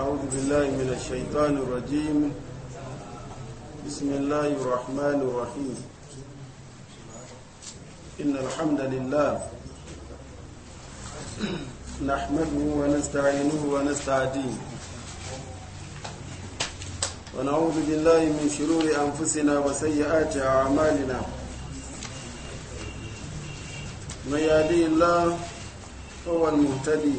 أعوذ بالله من الشيطان الرجيم بسم الله الرحمن الرحيم إن الحمد لله نحمده ونستعينه ونستعديه ونعوذ بالله من شرور أنفسنا وسيئات أعمالنا من يهدي الله فهو المهتدي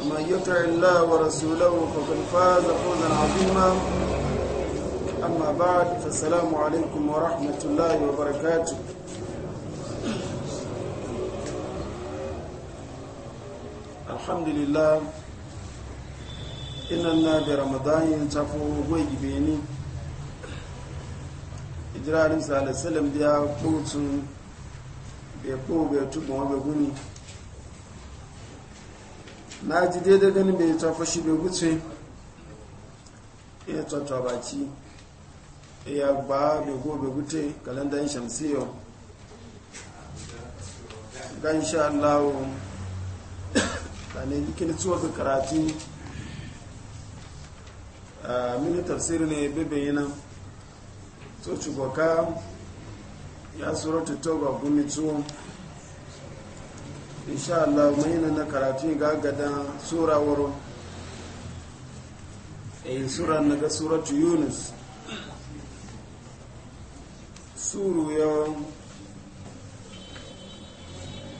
ومن يطع الله ورسوله فقد فاز فوزا عظيما اما بعد فالسلام عليكم ورحمه الله وبركاته الحمد لله إننا برمضان ينتفو ويجبيني إجرار صلى الله عليه وسلم ديا قوت بيقو بيتوب وبيقوني na ji daidai ganin bai tafa shi bai wuce, ya tattwa baki ya ba bai go bai gute kalandar shamsiyo gan sha allahu da ne ikin tsuwa ga karatu a mini tafsiri ne bebe yana so shugoka ya tsoro tauba gumi tsuwa insha Allah mai nan na karatu ga gadan sura waro eh sura na ga suratu Yunus suru ya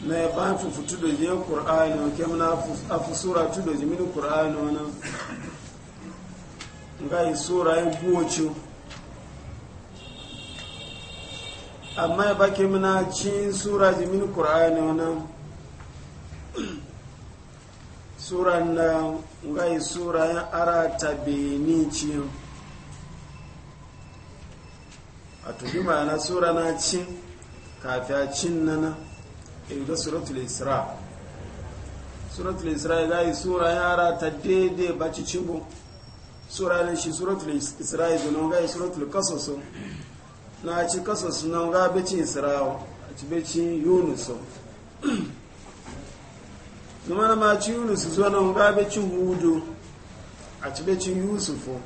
na ya ba fi fitu da je Qur'ani wa kam na afu sura tu da jimin Qur'ani Nga yi sura ya buwacu amma ya bake muna cin sura jimin Qur'ani wana suran na ngai sura ya arata beni ci a ma ma'ana sura na cin kafi a cin nana ga suratul isra suratul isra ya yi sura ya arata daidai baci cibo sura na shi suratul isra ya zuwa ngai suratul kasoso na ci kasoso na ngai bacin isra'a a ci bacin yunusu zumana ma ci yunus zuwa nan ga be ci hudu a ci be ci yusufu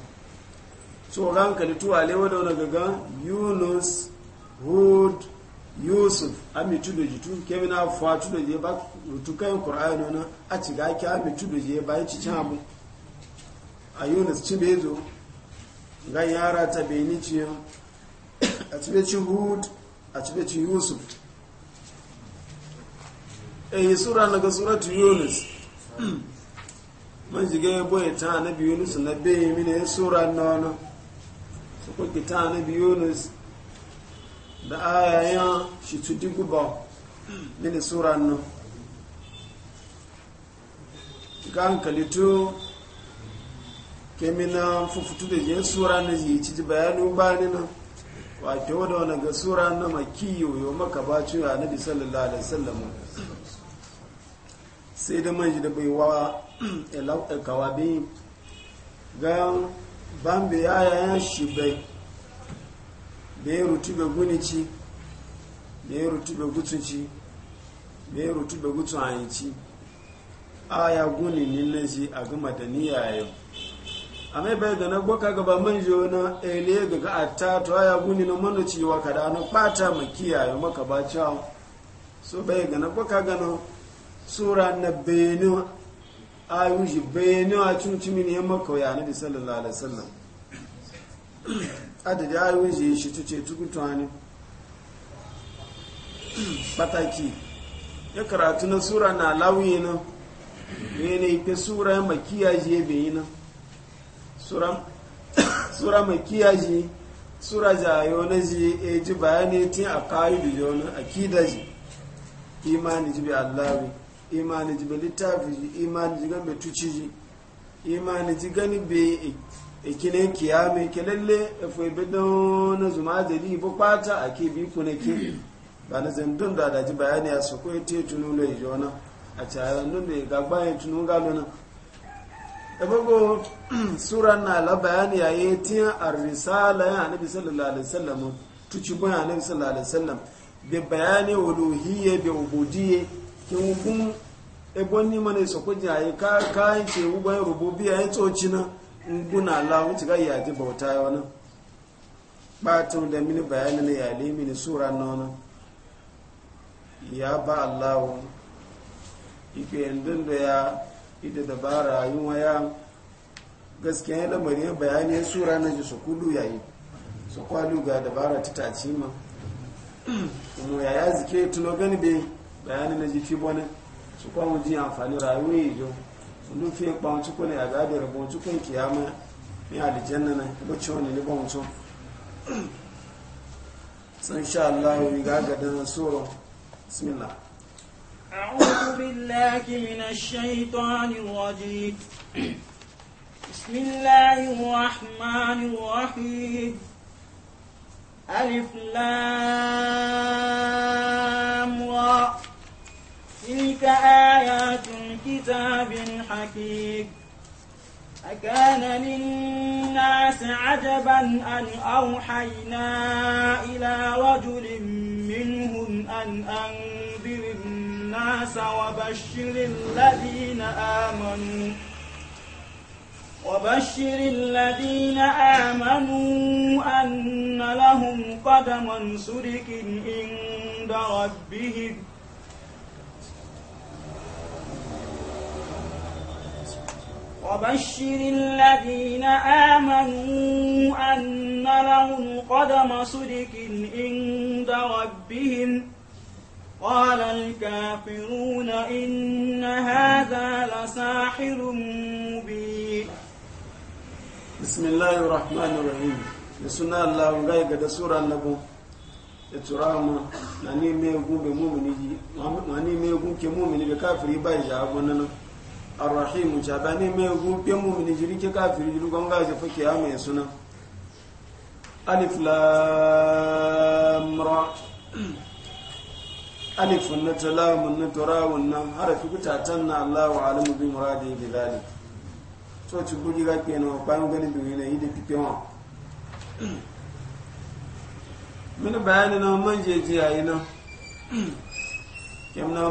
so ran da tuwa lewa da wani gaga yunus hud yusuf ami tudo jitu kemi na fa tudo je ba rutukan qur'ani na a ci ga ki ami tudo je ba ci can abu a yunus ci be zo ga yara ta be ni ci a ci be ci hud a ci be ci yusuf eh sura na ga suratu yunus man jige boye ta bi yunus na be mine sura nono su ko na bi yunus da ayayan shi tudi guba mine sura no kan kalito kemina fufutu da je sura na ji ci bayanu ni na wato wadda wani ga sura na makiyo yau maka na annabi sallallahu alaihi wasallam sai da manji da bai wa biyu ga bambe ya yayan shi bai da ya rutube gunici da ya rutube gutunci da ya rutube gutun hanyici a ya guni nina ji a gama da niyya yau a mai bai da na gwaka gaba manji na ele daga a ta to a ya guni na manoci wa kada na bata makiyaye maka ba cewa so bai ga na gwaka gano sura na benin ayuji benin a cuci mini yan makauya na bi sallallahu alaihi wasallam yi ayuji shi tuce tukutuwani pataki ya karatu na sura na lauyi na yana ife sura kiyaji ya bayi na sura kiyaji sura jayo na ji e ji bayani tin a kayu da jona a kidaji imani ji bi allawi imani ji be littafi ji imani ji gambe tuci ji imani ji gani be ikine kiyame kelele efo ebe don na zuma jadi bo pata ake bi kuna ke ba na zandun da da daji bayani a su koyi te tunu lo ijo na a cayan don da ga bayan tunu galo na ebogo sura na la bayani ya yi tiyan arrisala ya anabi sallallahu alaihi wasallam tuci bo ya anabi sallallahu alaihi wasallam be bayani uluhiyye be ubudiyye kingun ebon ni mana so kuje ayi ka kai ce uban rububiyya ya tsoci na nguna Allah wuce ga yaji bauta ọnụ. wani batun da mini bayani na yali mini sura nona ya ba Allah ike yandun da ya ida dabara yin waya gaskiya ya lamari ya bayani ya sura na ji su kulu yayi su kwalu ga dabara ta ma kuma ya ya zike tuno gani bai bayanin na jifi bane su kwamu ji amfani rayuwa yi jo sun fiye kwan cikin ya gada rabon cikin kiyama mai alijanna na bacci wani ne ba mutum sun sha Allah ya riga ga dan soro bismillah أعوذ بالله من الشيطان الرجيم بسم الله الرحمن الرحيم ألف لام را تلك آيات الكتاب الحكيم أكان للناس عجبا أن أوحينا إلى رجل منهم أن أنذر الناس وبشر الذين آمنوا وبشر الذين آمنوا أن لهم قدما سرك عند ربهم وبشر الذين آمنوا أن لهم قدم صدق عند ربهم قال الكافرون إن هذا لساحر مبين بسم الله الرحمن الرحيم لسنا الله غير قد سورة النبو turama na ni me gumbe mumini na ni me gumke mumini be kafiri bai ja gwanana arrahimu jabani mai gumbiyan mumini jiri ke kafiri jiri gwamga mai suna alif lamra alif na talamun na turawun nan harafi kutatan na alamu bi muradi so ci buji ga ke bayan yi da wa mini bayani na man jeji yayi nan kemna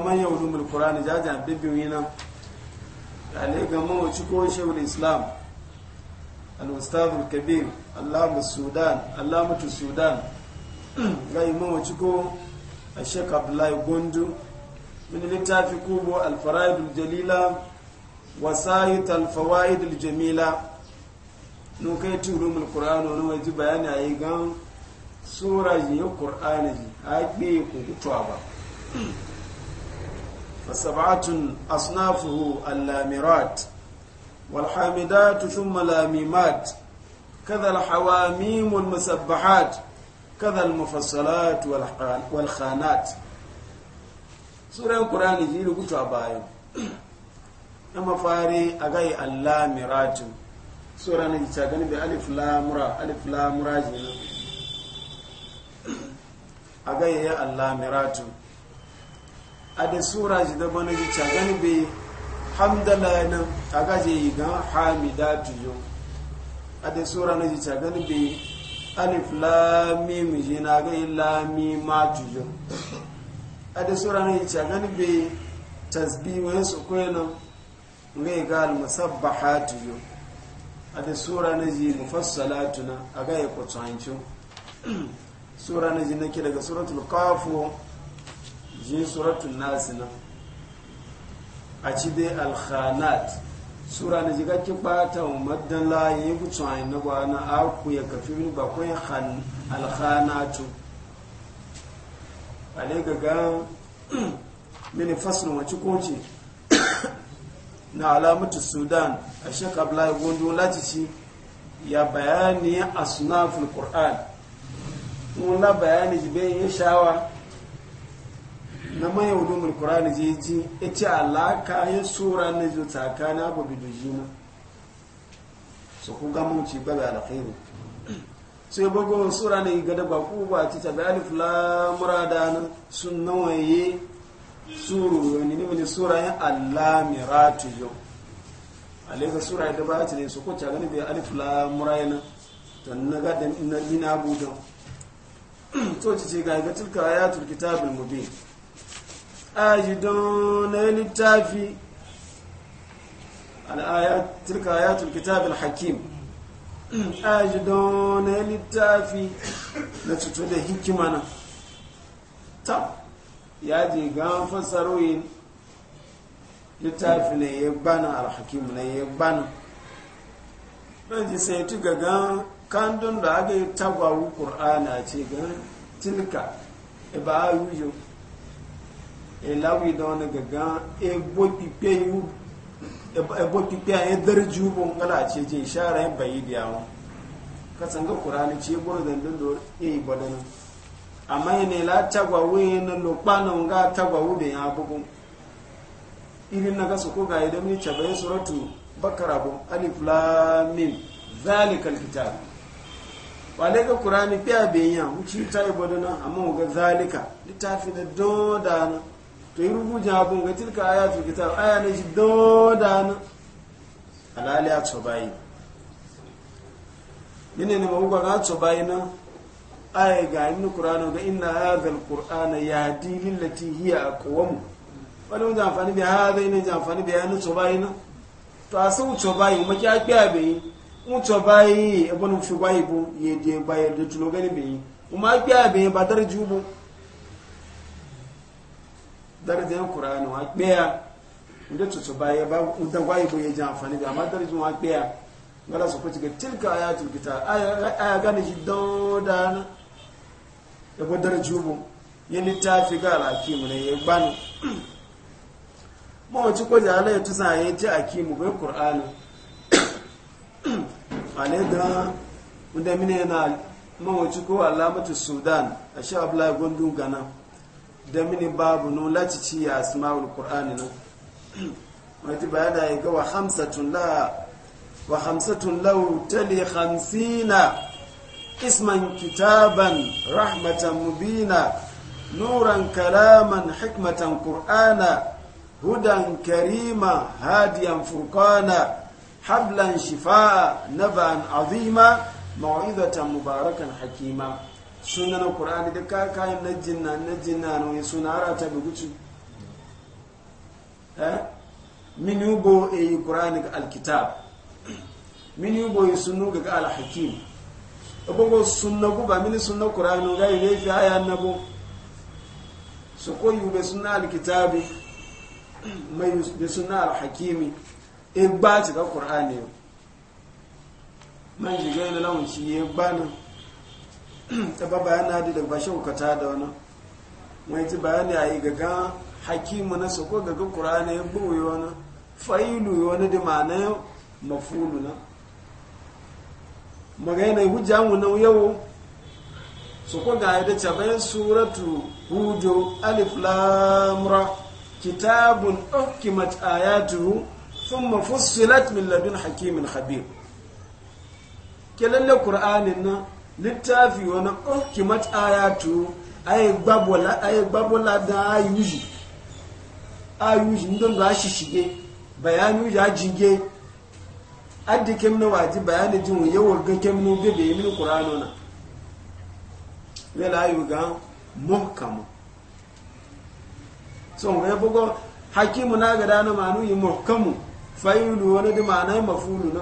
ale ga mawaci ko islam al kabir allamu sudan allamatu sudan ga mawaci ko a shek abdullahi gondu min littafi kubo alfara'idul jalila wasayit alfawa'idul jamila nun kai turumul qur'ano wani waje bayani a yi gan sura ji ya qur'ani a kutuwa ba فسبعة أصنافه اللامرات والحامدات ثم لاميمات كذا الحواميم المسبحات كذا المفصلات والخانات سورة القرآن هي لقطة بايو أما فاري أغاي اللامرات سورة نجتا غنبي ألف لامرا ألف لامرا جينا أغاي اللامرات a sura ji da bana ji gani be hamdala nan ta gaje yi ga hamida tuyo a sura na ji gani be alif mim ji na ga lami ma tuyo a da sura na ji cagani bai tasbi wani su kwaye yana ngai ga almusabbaha tuyo a da sura na ji mufassalatuna aga a ga ya kwacancin sura na ji nake daga suratul kafu ji suratun nasina a ci dai alkhanat sura na jiga ki bata umaddan la yi kucin ayin na gwa na aku ya kafi min ba kun a ale ga gan mini faslun wace koci na alamatu sudan a shekabla gondo latici ya bayani a sunafin mun la bayani jibe shawa na mayan ulumul qur'ani je ji ita ka ya sura na zo tsakana ba bi na. so ku ga mun ci ba da alkhairi sai bago sura ne ga da ba ku ba ci tabi alif na radan sunna waye suru ne ne sura ya allamiratu yo alega sura da ba ta ne so ko ta gani bi alif lam radan dan na ga da na ina budan to ci ce ga ga tilka ayatul kitabil mubin ajidun na littafi tilka ayatul kitab al-hakim ajidun na littafi na cuto da hikima na ta ya je gan fasaroyin littafi ne ya gbana al-hakim ne ya gbana ɗan ji sai tuga gan kandun da aka yi tagwawo ƙur'ana ce gan tilka ba a yi il-lawi e don elawi da wani e ebo e e pipe a yi darju bon gala ce je ishara yin bayi da yawon kasan ga kurani ce gwaro da dindo ya yi gwadana amma yi ne la tagwawo yi na lokpanan ga tagwawo da ya bugun irin na gasa ko ga idan ni cabayin suratu bakara bon alif lamin zalikal kitab wale ga kurani fiya bayan wuce ta yi gwadana amma ga zalika littafi da na. to yi rubuja kun ga tilka aya fi kitab aya ji shi dodan alali a tsobayi yini ne mawuka ga tsobayi na aya ga inu kur'anu ga inna hadhal qur'ana yahdi lillati hiya aqwam wani mun amfani bi hada ne ji amfani ya yana tsobayi na to a sun tsobayi mu ki akpe abe mu tsobayi ebonu fi gwayi bu yede gbayi da tulo gani bi mu akpe abe ba daraja yan qur'ani wa kpeya inda tutu baya ba da wayi boye jan amfani da amma daraja wa kpeya ngala su kuci ga tilka ayatul kitab aya aya gane shi dodan da bo daraja bu yin littafi ga alhakimu ne ya bani mawaci ko jala ya tusa ya ji akimu bai qur'ani ale da wanda mine na mawaci ko alamatu sudan a sha abla gondun gana da mini babu nun lati ci ya asma'ul qur'an nan wati bayana ya ga wa hamsatun la wa khamsatun law tali khamsina isman kitaban rahmatan mubina nuran kalaman hikmatan qur'ana hudan karima hadiyan furqana hablan shifaa naban azima mau'izatan mubarakan hakima suna na ƙurani da kayan najin na jina na wani suna ara ta bi guci min yubo e yi ƙurani ga alkitab min yubo yi sunu ga alhakim abubuwa suna guba mini suna ƙurani ga yi laifi haya nabo su koyi ube suna alkitabi mai da suna alhakimi in e ba ci ga yau man jigai na launci ya e gbanin ta ba bayana da daga bashin hukata da wani ci ti bayani a yi gaga hakimu na sako gaga kurana ya buwe wani fa'ilu wani da mafulu na magana hujja mu na yau soko ga ya da cabayin suratu hujjo alif lamura kitabun ɗaukimat silat min ladun Hakimin habib حكيم lalle كلاله nan littafi wani ƙunki matsayatu a yi gbabola da ayuji ayuji don ga shi shige bayanu ya jige adda kem na waji bayani jin yawon ga na bebe yi mini ƙuranu na lela yi ga muhkamu son ga bugo hakimu na ga dana manu yi muhkamu fa'ilu wani da mafulu na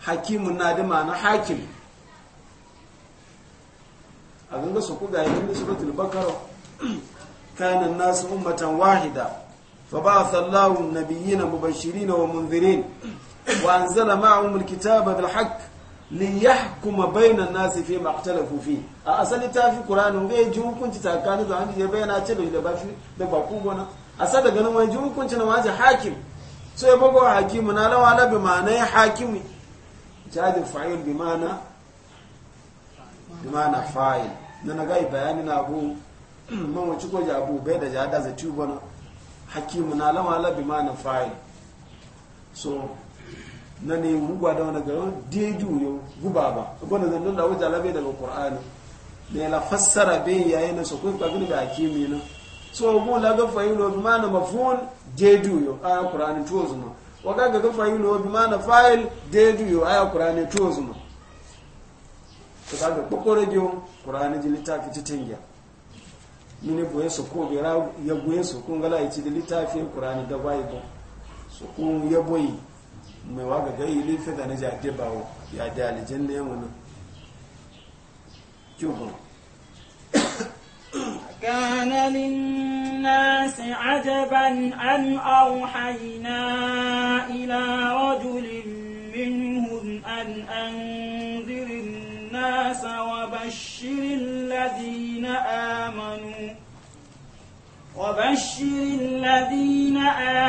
hakimun na da ma'ana hakim a ganga su kuga yi ganga suratul bakara kanan nasu ummatan wahida fa ba sallahu nabiyina mubashirina wa munzirin wa anzala ma'ahum alkitaba bil haqq li yahkuma bayna an-nasi fi ma ikhtalafu fi a asali ta fi qur'ani ga ji hukunci tsakanin da an ya bayyana ce da ba shi da ba ku gona asa da ganin wani ji hukunci na waje hakim so ya bago hakimu na lawa la bi ma'anai hakimi jajin fa'il bi mana bi mana fa'il na na gai bayani na abu man wacce ko abu bai da jada za tuba na hakimu na lama la bi mana fa'il so na ne mugwa da wani garin deju yau guba ba gwada zan da wajen labe daga qur'ani ne la fassara bai yayi na so ko ba gani da hakimi na so mu la ga fa'il bi mana mafhum deju yau a qur'ani to zuma waga ga ga fa'il wa bi na fa'il dedu yo aya kurane to zuma to ga kokore jo kurane ji litafi ti tinga mine boye so ko be ra ya boye so ko ngala yi ti litafi kurane da bai bo so ko ya boye me waga ga yi lifi da naja de bawo ya da aljanna yamuna kyo كان للناس عجبا أن أوحينا إلى رجل منهم أن أنذر الناس وبشر الذين آمنوا وبشر الذين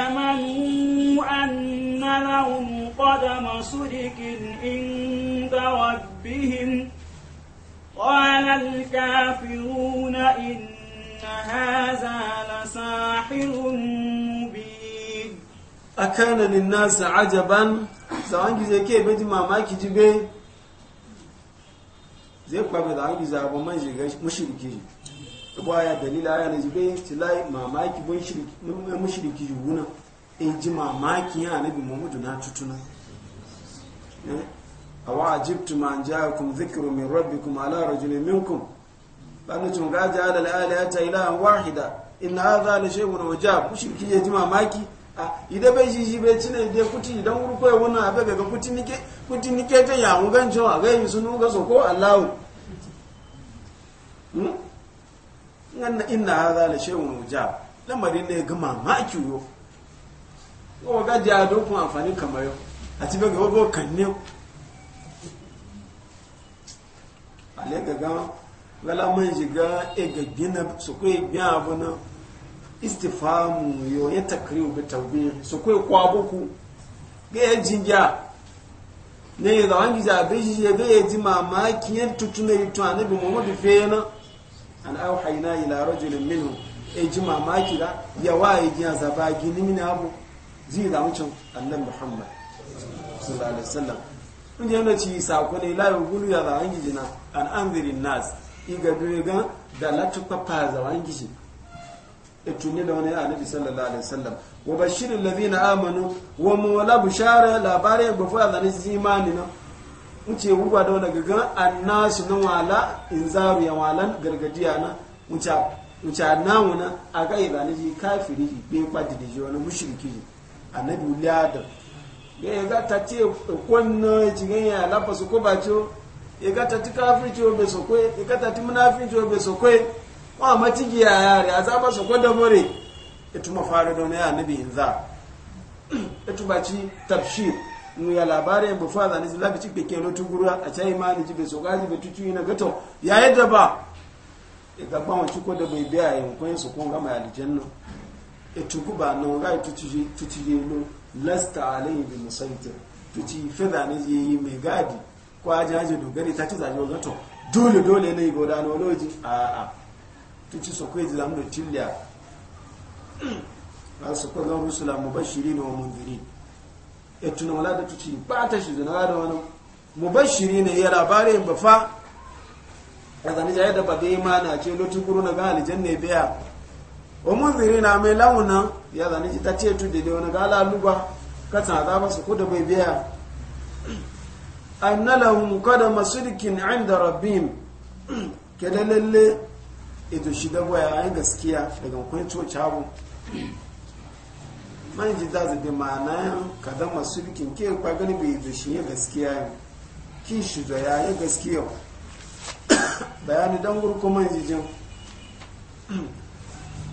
آمنوا أن لهم قدم صدق عند ربهم قال الكافرون إن هذا لساحر مبين أكان للناس عجبا زوان جزي كي بيجي ماما كي جبي zai kwabe da hangi zaɓen man shiga mashirki ba aya dalila aya na jibe tilai mamaki mun mashirki wuna in ji mamaki ya nabi muhammadu na tutuna a wa ajibtu ma ja'akum dhikru min rabbikum ala rajulin minkum bani tun ga ja ala alayata ilahan wahida in hadha la shay'un wajab kushirki je ji mamaki a ida be ji ji kuti idan wuri koyi wannan abe ga kuti nike kuti nike ta ya mu ganjo a ga yi sunu ga soko Allahu nan hmm? inna hadha la shay'un wajab lamarin ne ga mamaki yo ko ga amfani kamar yau a ci ga ale ga gala man shiga ga gina su kai biya abu na istifamu yo ya takriu bi tawbih su kai kwabo ku ga yan jinja ne da wangi ja be ji ya be ji mamaki tuwa na bi mamu Muhammad fiye na an yi laro jirin minu ya ji mamaki da ya waye ji ba gini mini abu ji da mucin annabi Muhammad sallallahu alaihi wasallam kun ji yana ci sako layin la ya da wangi na an anzirin nas iga ga da lati papa za wangi shi tunne da wani annabi sallallahu alaihi wasallam wa bashirul ladina amanu wa mawla bushara labare ba fa da zimani na uce wuba da daga ga annasu na wala inzaru ya walan gargadiya na muce muce annawu na aga ibani ji kafiri be kwadi da ji wani mushriki annabi ulada ga ya ga tace kwanna ji ga ya lafa su ko bacho igata ti kafirci obe sokwe igata ti munafirci obe sokwe wa matigi ya yare a zaba sokwe da more etu mafari da wani annabi inza etu baci tafshir mu ya labarin bu fada ne zabi ci kike lotu gura a cai imani ji be sokaji be tuci na gato ya yadda ba igaba wa ci ko da bai biya yin kun su kun gama aljanna etu guba no ga tuci tuci lo lasta alayhi bi musaitir tuci fada ne yi mai gadi ko dogari ta ci zaji wanzu to dole dole ne ga wadano loji a a tun ci sokwe ji zamu da tiliya A su kwa zan rusula mu ne wa mu giri ya tuna wala da tuci ba ta shi zana da wani mu shiri ne ya labarin ba fa a zane jaye da ba ma na ce lotu kuru na gani ne biya wa munziri na mai launa ya zane ji ta ce tu daidai wani gala luba kasan za su ko da bai biya anna lahum qadama sidqin 'inda rabbihim kelelele ito shi da waya an gaskiya daga kun coci abu man ji da zabi ma'ana kadama sidqin ke kwa gani bai da shi ya gaskiya ki shi da ya ya gaskiya bayani dan gurku man ji jin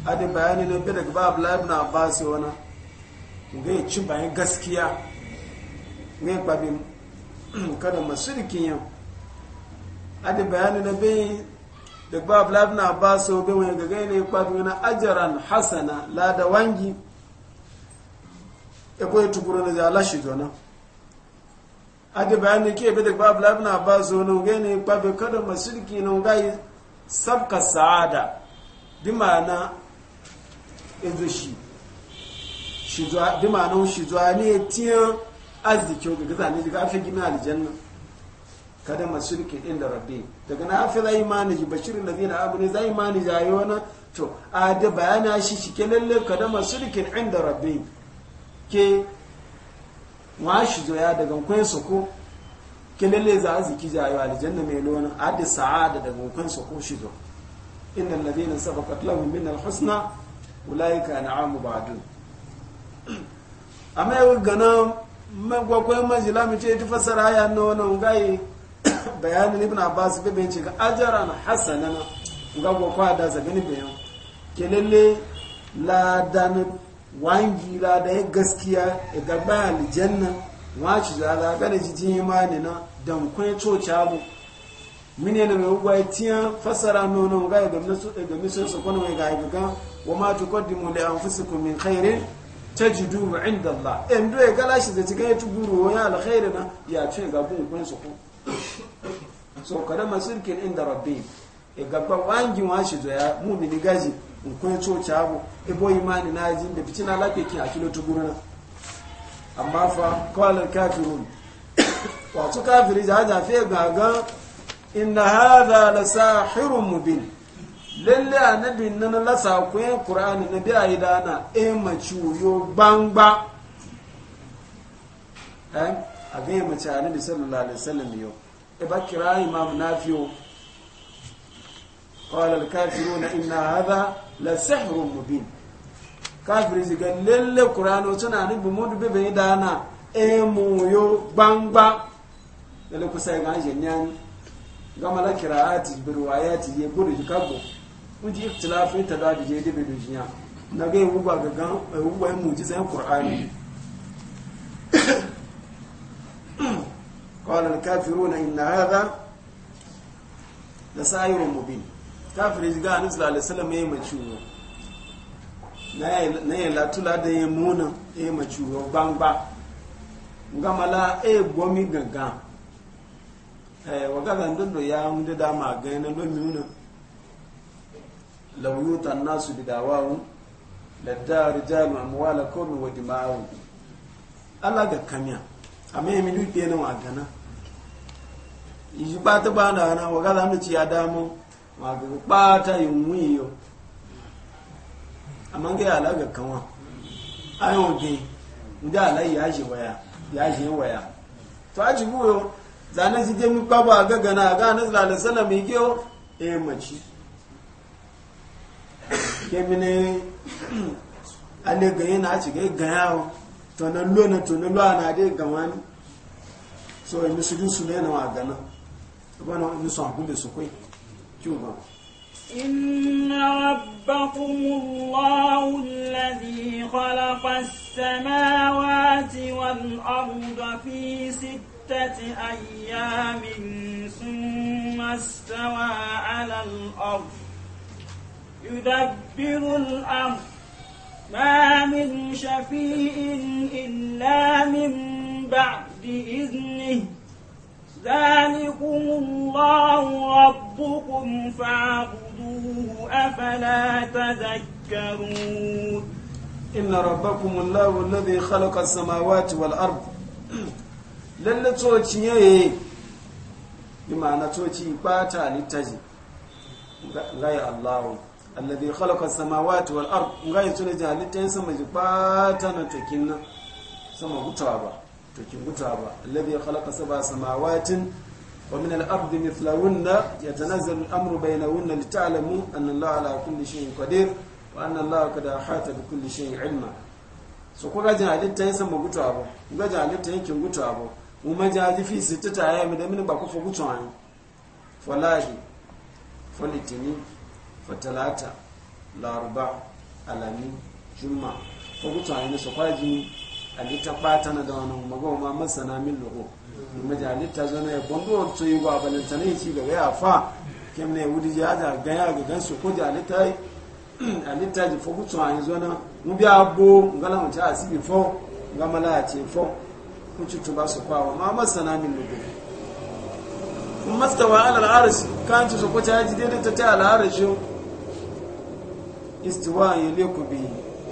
adi bayani na daga babu ibn abbas wana ngai ci bayan gaskiya ngai kwabin kada masu rikin yau adi bayani na bai da ba blab ba so bai wani gaga ne kwa na ajaran hasana la da wangi e boye tukuru na da lashi jona adi bayani ke bai da ba blab ba so na gaga ne kwa bai kada rikin na gaga sabka sa'ada bi ma'ana ezo shi shi zuwa bi ma'ana shi zuwa ne tiyan arziki ga gaza ne daga afi gina aljanna kada masulki inda rabbi daga na afi zai mani ji bashirin da zina abu ne zai mani jayi wani to a da bayana shi shi ke lalle kada masulkin inda rabbi ke wa shi zoya daga kwan su ko ke lalle za arziki jayi aljanna mai lona a da sa'ada daga kwan su ko shi zo inda ladina sabaqat lahum min alhusna ulaika an'amu ba'dun amma yau ganan magwakwai majila mu ce ta fasara ya na wani gayi bayanin ibn abbas bai bai ce ga ajara na hasana na ga gwakwa da zabini bayan Kelele ladan wangi ladan gaskiya ya gaba aljanna wace da alaƙa da jijin imani na don kun coca mu mini na mai ugwai tiyan fassara nonon gaya domin sun su kwanwai ga ga haifuka wa ma mu da an fusa min khairin tajidu inda Allah en do e gala shi zai cikin ya alkhairi na ya ce ga gun kun su ko so kada masirkin inda rabbi e gabba wangi wa shi zo ya mu'mini gaji in kun so chabo e boy imani na ji da fitina lafiya ki a kilo tu na amma fa qala kafirun wato kafiri za ja ga gaga inna hadha la sahirun mubin lalle annabi na na lasa kuyen qur'ani na biya yi dana e mace yo gbangba eh a ga mace annabi sallallahu alaihi wasallam yo e ba kira imam nafiyo qala al-kafiruna inna hadha la sihrun mubin kafiri ziga lalle qur'ani tuna ni bu mudu be be dana e mu yo gbangba lalle kusa ga jenya gamala qira'ati bi riwayati ye gudu jikabo wuji ikhtilafin ta da je dibe dujiya na ga yubu ba gagan yubu ba mu'jizan qur'ani qala al-kafiruna inna hadha la sa'irun mubin kafiri maciwo na yi latula da ya muna ya maciwo gbangba gamala e gomi gangan eh wagadan dundo ya hunde dama ga lomi لو يوطى الناس بدعواهم لدى رجال أموالكم ودماءهم Allah ga kamiya amma ya milu ke nan wagana yi ba ta ba da hana waga za mu ci ya damu waga ba ta yi mun yo amma ga ala ga kanwa ayo ge da ala ya shi waya ya shi waya to a ji goyo zanen su je mu ba ba ga gana ga na sallallahu alaihi wasallam yi ge e mace kemini ane ganye na ci gai ganya o to na lo na to na lo na dai gama ni so emi su ju su ne na wa gana ba na emi su an kun be su kai ki ba إن ربكم الله الذي خلق السماوات والأرض في ستة أيام ثم استوى على الأرض يدبر الأمر ما من شفيء إلا من بعد إذنه ذلكم الله ربكم فاعبدوه أفلا تذكرون إن ربكم الله الذي خلق السماوات والأرض lalle tsoci yaye bi ma'ana tsoci ba ta littaji gaya Allahu alladhi khalaqa samawati wal ard ngai tuna jalitan sama ji bata na tokin nan sama gutawa ba tokin gutawa ba alladhi khalaqa sab'a samawatin wa min al ard mithlawunna yatanazzalu al amru bainahunna lita'lamu anna allaha ala kulli shay'in qadir wa anna allaha qad ahata bi kulli shay'in ilma so ko gajin halitta yin sama gutawa ba gajin halitta yin kin gutawa ba mu majaji fi sitata ayami da min ba ku fa gutawa ne wallahi falitini fatalata laruba alami juma ko mutane na sokwaji alita bata na da wani magawa ma masana min lugo kuma ji alita zana ya gwamdo wato yi ba balanta na ci gaba ya fa kem ne wudi ji aja ganya ga gan su ko ji alita alita ji fo mutane zana mu bi abo ngala mu ta asibi fo ngamala ya ce fo kuci tuba su kwawa ma masana min lugo mastawa ala al'arshi kan ci su kwace haji daidai ta ta al'arshi istiwa ya leku bi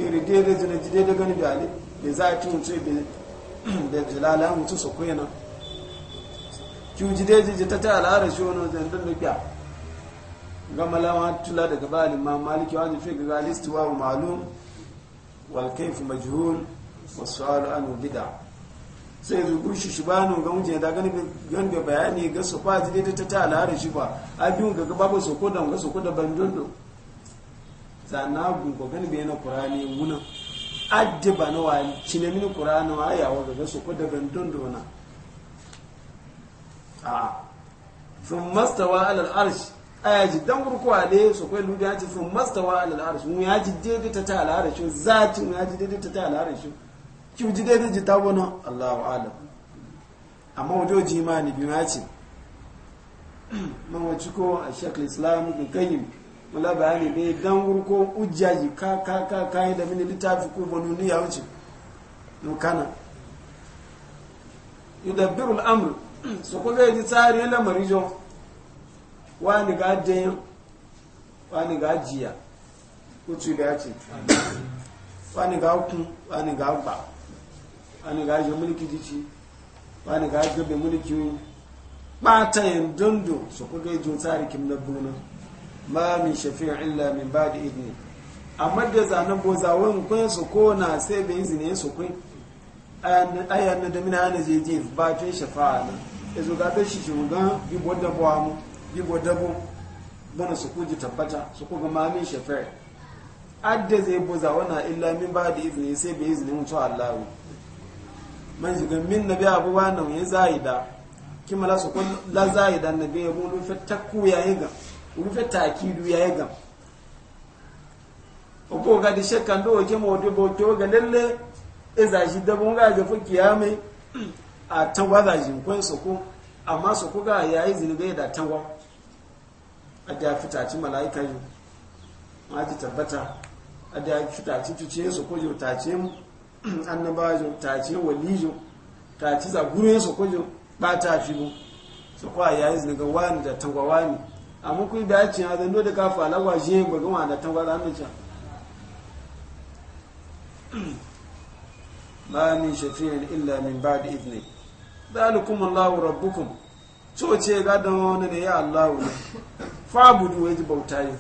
iri daidai zina ji daidai gani da ali da za a ci mutu da jalala mutu su na? ki ji daidai ji ta ta al'ada shi wani wajen don da kya gama lawa tula daga bali ma maliki wani fi ga gali istiwa wa malum wal kaifu majhul wa su'alu an bid'a sai zubu shi shi ba nun ga mutane da gani gan da bayani ga su ba ji daidai ta ta al'ada shi ba a biyun ga gaba ba su ko da ga su ko da bandondo za na gugu gani bai na kurani wunan adiba na wa cine mini kurani wa yawa daga su ko daga dondona a sun mastawa alal arsh aya ji dan gurkuwa ne su kai ludi ya ce sun mastawa alal arshi mu ya ji daidai ta al'arashi zati mu ya ji daidai ta al'arashi ki ji ji ta wani allahu alam amma wajen ji ma ni biyu ya ce man wacce ko a shekul islam da kayyim mula bayani bai dan ko ujjaji ka ka ka ka yi da mini littafi ko banu ni ya wuce nukana yudabbirul amr so ko ga yi tsari la marijo ni ga den ni ga jiya ko ci ga ci ni ga ku ni ga ba ni ga je mulki dici ni ga gabe mulki ba ta yin dondo so ko ga yi tsari kim na bunan ma min shafi'in illa min ba'di idni amma da zanen wani kun su na sai bai izini su kun ayan na da mina ana je je ba ta shafa'a na yazo ga ta shi shugan bi bodda bawa mu bi bodda dabo bana su kuji tabbata su kuga ma min shafi'in adda zai boza na illa min ba'di idni sai bai izini mutu Allah man gan min nabi abuwa nan ya zaida kimala su kun la zaida nabi ya bulu fatakku yi ga urufe takidu ya yi O ogo ga di shakkan do oke ma odi bo ke oga lalle e zaji dabo ga ga fu kiyame a tangwa zaji kun su soko amma su ko ga yayi zirga da tangwa a da fita ci malaika yi ma ji tabbata a da fita ci tuce soko ko ta ce mu annaba ta ce wali Ta ci za gurin su ko jo ba ta fi mu su ko yayi zirga wani da tangwa wani amma muku da cin a zando da kafa alagwa shi yin gwagwa da tangwara mai can la min shafi'in illa min ba'di idni zalikum Allahu rabbukum so ce ga wani da ya Allahu ne fabudu ji bauta yi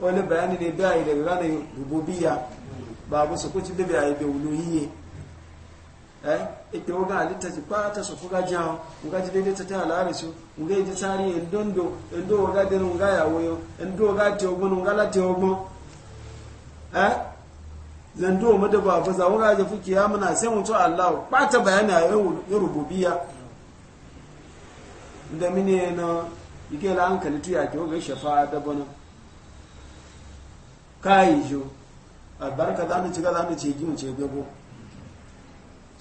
wani bayani ne da daga ranar rububiya. babu su kuci da bai da wuluhiyya Ete eh? ita waga halitta ji fata su fuga jawo nga ji daidai ta tana lare nga ji tsari en dondo en nga ya woyo en do waga te ogbon nga la te ogbon eh zan do mu ba fa za waga Allah bayani ayo na ike la hankali tu ya ke waga shafa da bana kai jo albarka da ni ci ga da ni ci gi mu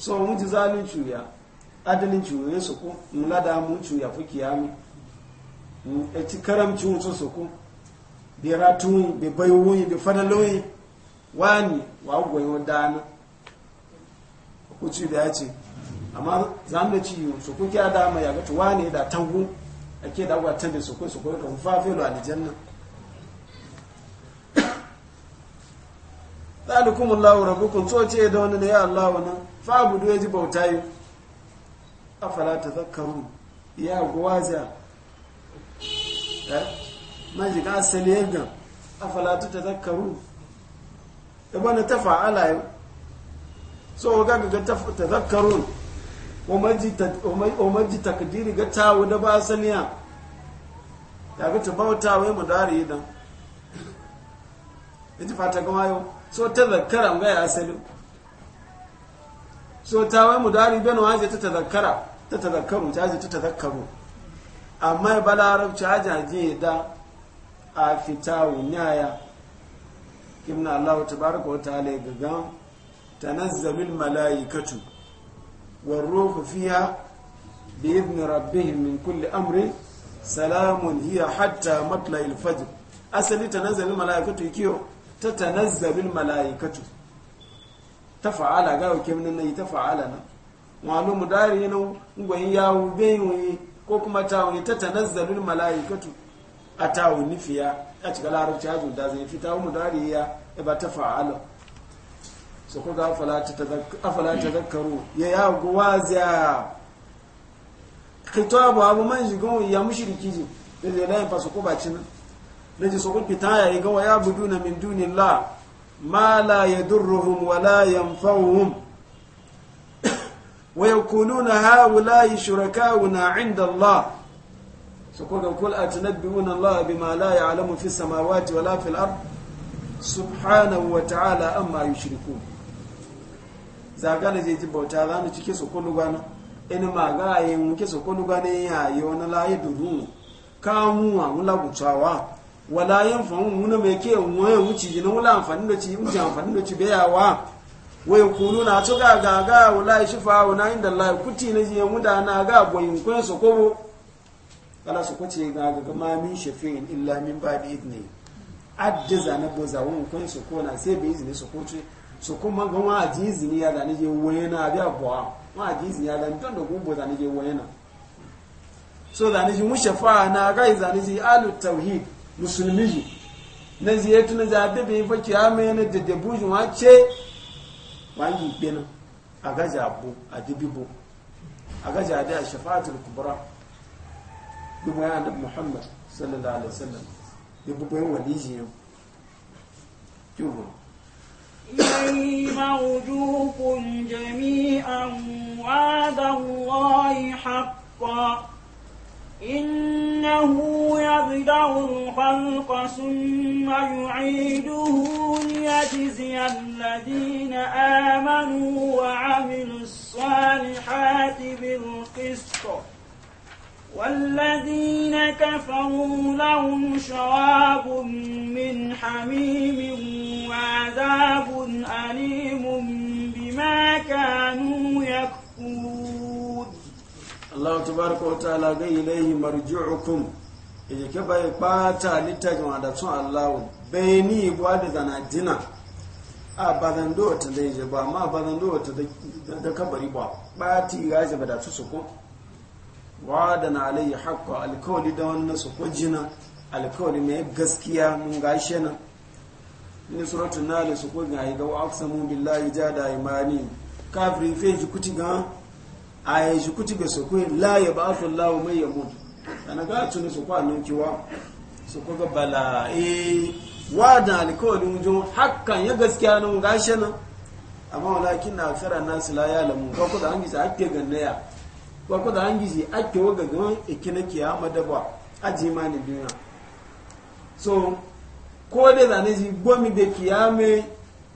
so mun ji zalin cuya adalin cuyoyin su ku mun lada mun cuya fi kiyami a ci karamci wasu su ku bi ratuni bi baiwoyi bi fadaloyi wani wa gwayo dani ku ci da ya ce amma za mu da ci yi su kya adama ya gato wani da tangu ake da wata da su ku su kai kan fafelo aljanna zalikumullahu rabbukum to ce da wani ne ya Allah wannan fa'abudu ya ji bauta yi afala falata zakaru ya gwaza eh? maji ka asali yadda afala ta zakaru ibana ta fa'ala yi so ga ga ta zakaru umarji takdiri ga tawo da ba asaliya ya ga ta bauta wai mu dare idan ji fata gama yau so ta zakara ga ya asali so ta wai mudari beno haji ta tazakkara ta tazakkaru ta haji ta tazakkaru amma ya bala haji ya da a fita wunyaya kimna Allah tabaraka wa ta'ala gaga tanazzalul malaikatu war ruhu fiha bi idni rabbihim min kulli amurin salamun hiya hatta matla'il fajr asali tanazzalul malaikatu ikiyo ta tanazzalul malaikatu tafa'ala ga oke na yi tafa'ala na walu yi yana ngwan yawo bayin ko kuma ta wani ta tanazzalul malaikatu atawu nifiya a cikin larabci ya da zai fita dare ya ba tafa'ala so ko ga afala ta afala ta zakkaru ya yawo waziya kitabu abu man jigon ya mushriki ji da zai layin fasu ko bacin da ji so ko fita ya ga wa ya buduna min dunillah ما لا يدرهم ولا ينفعهم ويقولون هؤلاء شركاؤنا عند الله سكون كل أتنبئون الله بما لا يعلم في السماوات ولا في الأرض سبحانه وتعالى أما يشركون zagana zai ji bauta za mu cike su kunu gana in ma ga yi muke su kunu gana ya yi wani layi duru kamuwa mula gutsawa wala yan fa mun na me ke wani wuci jina wala amfani da ci wuci amfani da ci bayawa wai kunu na to ga ga ga wala shi fa wana inda Allah kuti na je muda na ga goyin kun su ko kala su kuce ga ga ma min shafi'in illa min ba'di idni addiza na boza won kun su ko na sai bai izini su ko ce su kuma ga wa ji izini ya da ne je wayena bi abuwa wa ji izini ya da don da gumbo da ne je na so da ne ji mushafa na ga izani ji alu tauhid musulmi ji na ziye ziyartu na zaɓe bai fa kiyama yana da dabujin wace wani benin a gaja abu a dibibu a gaja da a shafa'atul kubra dubu ya da muhammad sallallahu alaihi wasallam da dibu yin wani ji yau kyuhu يرجوكم جميعا وعد الله حقا إنه يبدأ الخلق ثم يعيده ليجزي الذين آمنوا وعملوا الصالحات بالقسط والذين كفروا لهم شراب من حميم وعذاب أليم بما كانوا يكفرون Allah ta wa ta'ala ga ilaihi marji'ukum ije ke bai bata ta wa da tun Allah bai ni bu da zana dina a bazan do ta da je ba ma bazan do ta da kabari ba bati ga je ba da su su ko wa da na alayhi haqqo alkawli da wannan su ko jina alkawli mai gaskiya mun gashe nan ni suratul nal su ko ga ga wa aqsamu billahi jada imani kafirin fe ji kuti ga a yi shi kuti ga su kuwa laye ba a fin lawo mai yamu sana ga tuni su kwa nan kiwa su kuka bala wa da alkawalin wujo hakan ya gaskiya nan gashi nan amma walakin na aksara nasu la ya lamu ba ku da hangi sa ake gannaya ba ku da hangi sa ake waga gano ikina ke da ba a jima ne duniya so ko da zane shi gomi da kiyame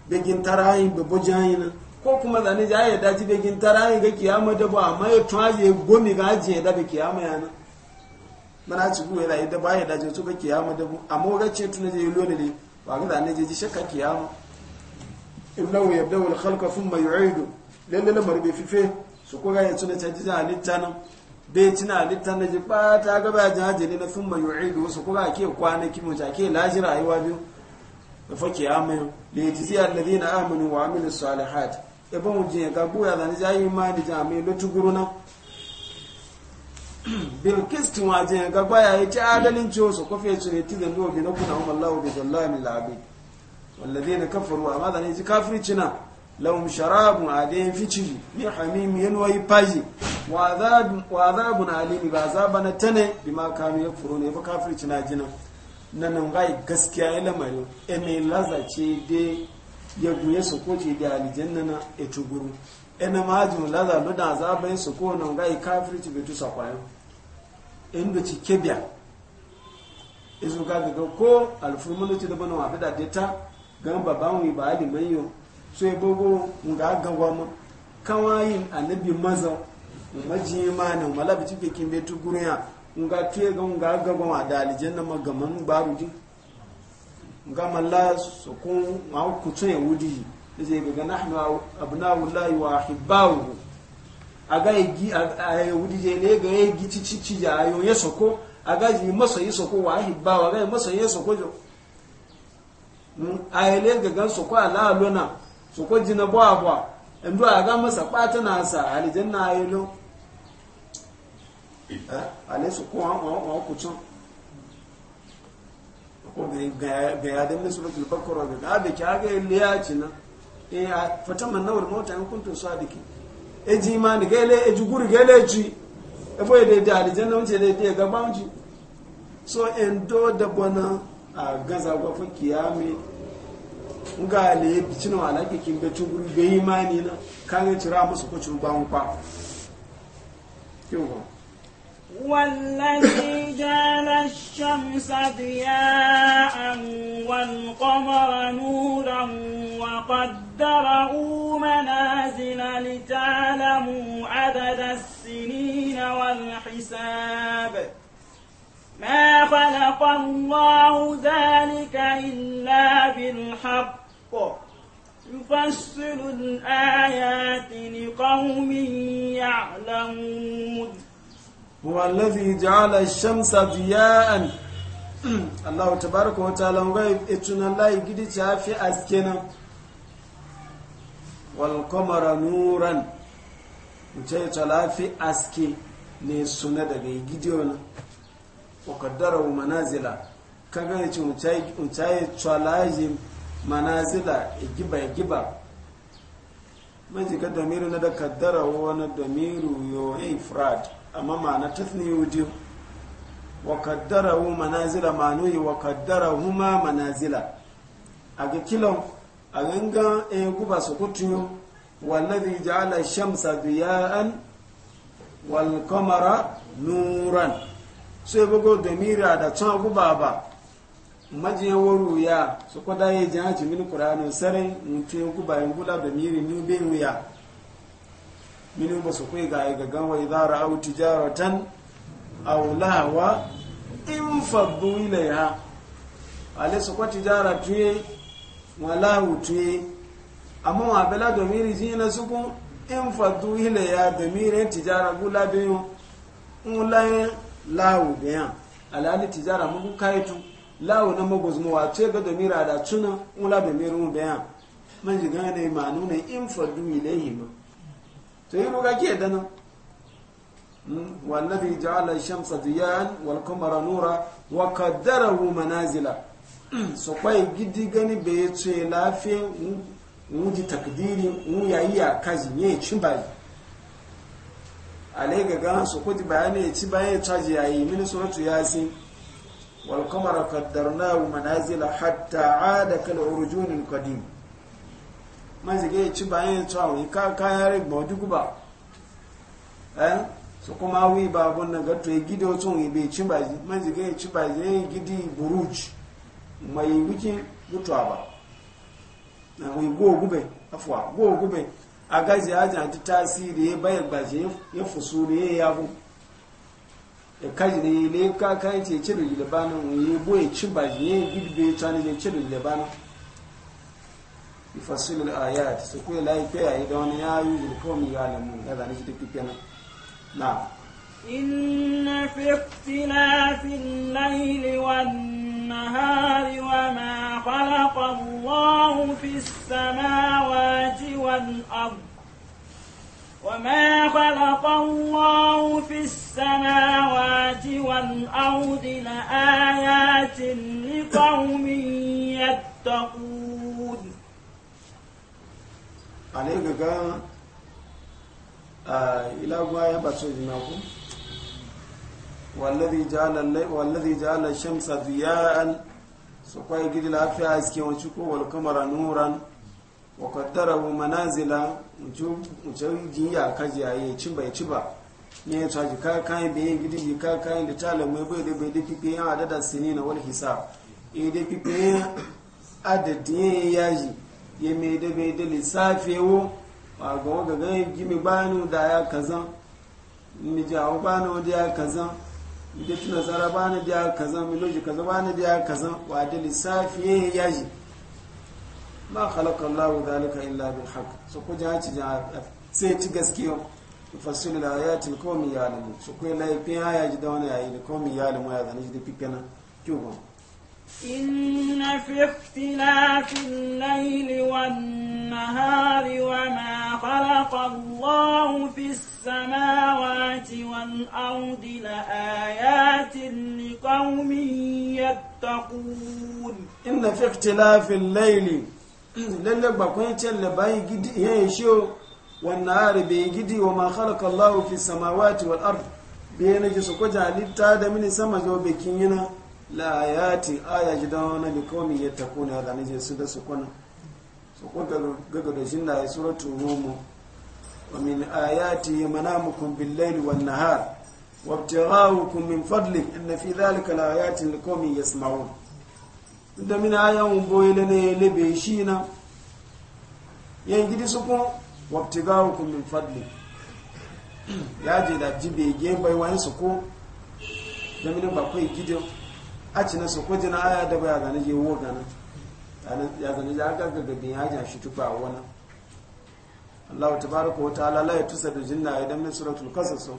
da gintara yin babbajen yi nan ko kuma zane ja ya daji da gin tara ya ga kiyama da ba amma ya tuwa ya gomi ga ajiye ya dabe kiyama ya nan mana ci buwa ya daba ya daji su ga kiyama da bu amma ga ce tuna je yilo ne ba ga zane je ji shakka kiyama innahu yabda'u al-khalqa thumma yu'idu lalle lamar marbe fife su ko ga ya tuna ta a halitta nan bai tuna na halitta na ji ba ta ga ba jaje ne na thumma yu'idu su ko ga ke kwanaki mu ta ke laji rayuwa biyu da fa kiyama ne yajzi alladhina amanu wa amilus ebe mu jiya ga goya da ni jayi ma ni lotu guru na bil kist wa jiya ga baya yi ta adalin ciwo kofi ya su ne tidan do bi na kuna um Allahu bi zallami lil abid walladheena kafaru amma da ni ji kafirci na lahum sharabun adin fici min hamim yanwayi paji wa azab wa azabun alim ba azabana tane bima kanu yakfuruna fa kafirci na jinan nan ngai gaskiya ya lamarin ene lazace dai ya guye su ko ce da alijanna na ina guru ena majin laza lu da za su ko nan gai kafirci betu sakwayo inda ci kebiya izu ga ga ko alfu minuti da bana wa bida ga gan baban wi ba ali manyo so e bogo nga ga mu kawayin annabi maza maji mana malabi ci ke kin betu guru ya nga tuye ga nga gangwa da alijanna magaman barudi gama la sukun ma kutun ya wudi zai ga nahnu abna'ullahi wa ahibbahu aga igi a wudi je ne ga igi cici ci ja ayo ya soko aga ji masa yi soko wa ahibbahu aga masa yi soko jo hmm? a ile ga gan soko ala lona soko jina bo abwa ndo aga masa pata na sa aljanna ayelo eh ale soko wa kutun ko ga yadin da suratul bakara ga ga da kya ga ya ci na e fata man nawar mota in kuntum sadiki e ji ma ni ga le e ji guri ga le ji e bo da da aljanna wuce da da ga bauji so en do da bona a gaza ga fa kiyami nga le bicino ala ke kin ga guri ga imani na kan ci ra musu ko ci ba mu kwa kiwo والذي جعل الشمس ضياء والقمر نورا وقدره منازل لتعلموا عدد السنين والحساب ما خلق الله ذلك إلا بالحق يفصل الآيات لقوم يعلمون huwa allazi ja'ala ash-shamsa diya'an Allah tabaaraka wa ta'ala ngai etuna lai gidi cha fi askena wal qamara nuran mutaye ta fi aske ne suna daga gidi wannan wa qaddara manazila kaga yace mutaye mutaye tsalaje manazila giba giba manji ka damiru na da kaddara wani damiru yo infrad amma ma'ana tufni wudu wa kaddarahu manazila manuyi wa kaddarahu ma manazila a ga kilon a ganga e guba su kutu wallazi ja'ala shamsa diya'an wal qamara nuran sai bugo da mira da can guba ba ya waru ya su kwada ya jihar jimin kuranu sarai mutu ya guba ya gula da miri ni bin wuya mini ba su kai ga ga gan wai za ra'au tijaratan aw lahwa in faddu ilayha ale su kwa tijara tuye wala tuye amma wa bala domiri jina su kun in faddu ilayha domiri tijara gula biyu in layin lawu biyan alali tijara mugu kayitu lawu na magozmu wa tuye ga domira da tuna in la domirin biyan man ji gane ma nuna in faddu ilayhi ma ta yi nura ke dana wannan fi ji ala isham nura wa kaddara roma nazila hmm, so kwaye gidi gani bai yi tsaye lafi wuji takdiri wu yayi ya kazi ne ci bayi alai ga gana su kudi bayani ya ci bayan ya caji yayi yi mini suratu ya si wal kamara kaddara roma hatta a da kala orijunin kadimu manzige ci bayan tsawon ka kayan rigba duk ba eh su kuma wi ba abun gato ya e gidi wasu wani bai ci ba manzige ya ci ba zai e gidi buruj mai wiki mutuwa ba na wani gogube afuwa gogube a gaji ya janti tasiri ya bayar gbaji ya fusu ne ya yabo ya kaji ne ya ka kayan ce cire libanin ya boye ci ba ya gidi bai tsani ya e cire libanin يفصل الآيات سكوي لا يبيع إدون يا يوجد الكوم يعلمون هذا نجد كتنا نعم إن في اختلاف الليل والنهار وما خلق الله في السماوات والأرض وما خلق الله في السماوات والأرض لآيات لقوم يتقون ale ga gaga ilagwa ya bace jina ku wallazi ja'ala wallazi ja'ala shamsa diya'an su kwai gidi lafiya a aske wancu ko wal kamara nuran wa qaddarahu manazila mucu mucu ya kaji ayi yi bai ci ba ne ya caji ka kai bai gidi ka kai da talamai bai da bai da fife yan adada sinina wani hisa e da fife adadin yaji ya meda da bai da lissafi wo a ga waga ganin gimi bani da ya kazan mi jawo bani wanda ya kazan da tuna tsara bani da ya kazan mi loji kaza bani da ya kazan wa da lissafi ya yi yaji ma khalaqa Allahu dhalika illa bil haqq so ko ja ci ja sai ci gaskiya tafsirin ayatin qawmi ya'lamun so ko lai fi ji da wani yayi qawmi ya'lamun ya zani da pikana kyuwa إن في اختلاف الليل والنهار وما خلق الله في السماوات والأرض لآيات لقوم يتقون إن في اختلاف الليل lalle bakwai can ya yi shiyo wannan hari bai gidi wa ma khalaqa Allahu fi samawati wal ard bai na ji su ko halitta da mini sama zo bakin yana la yati aya gidan na likomi ya tako ne da nije su da su kwana su ko gaga da shi na suratu rumu wa min ayati manamukum bil layli wan nahar wa ibtighaukum min fadli in na fi dhalika la ayatin liqaumin yasma'un da min ayan boyle ne lebe shi na yan gidi su ko wa ibtighaukum min fadli ya je da jibe ge bai wani su ko da min ba gidan a ci na soko jina aya da ba ya zane je wo gana ya zane je aka ga gabin ya ja shi tuba wani Allah ta baraka wa ta'ala la yatusa da jinna idan min suratul qasas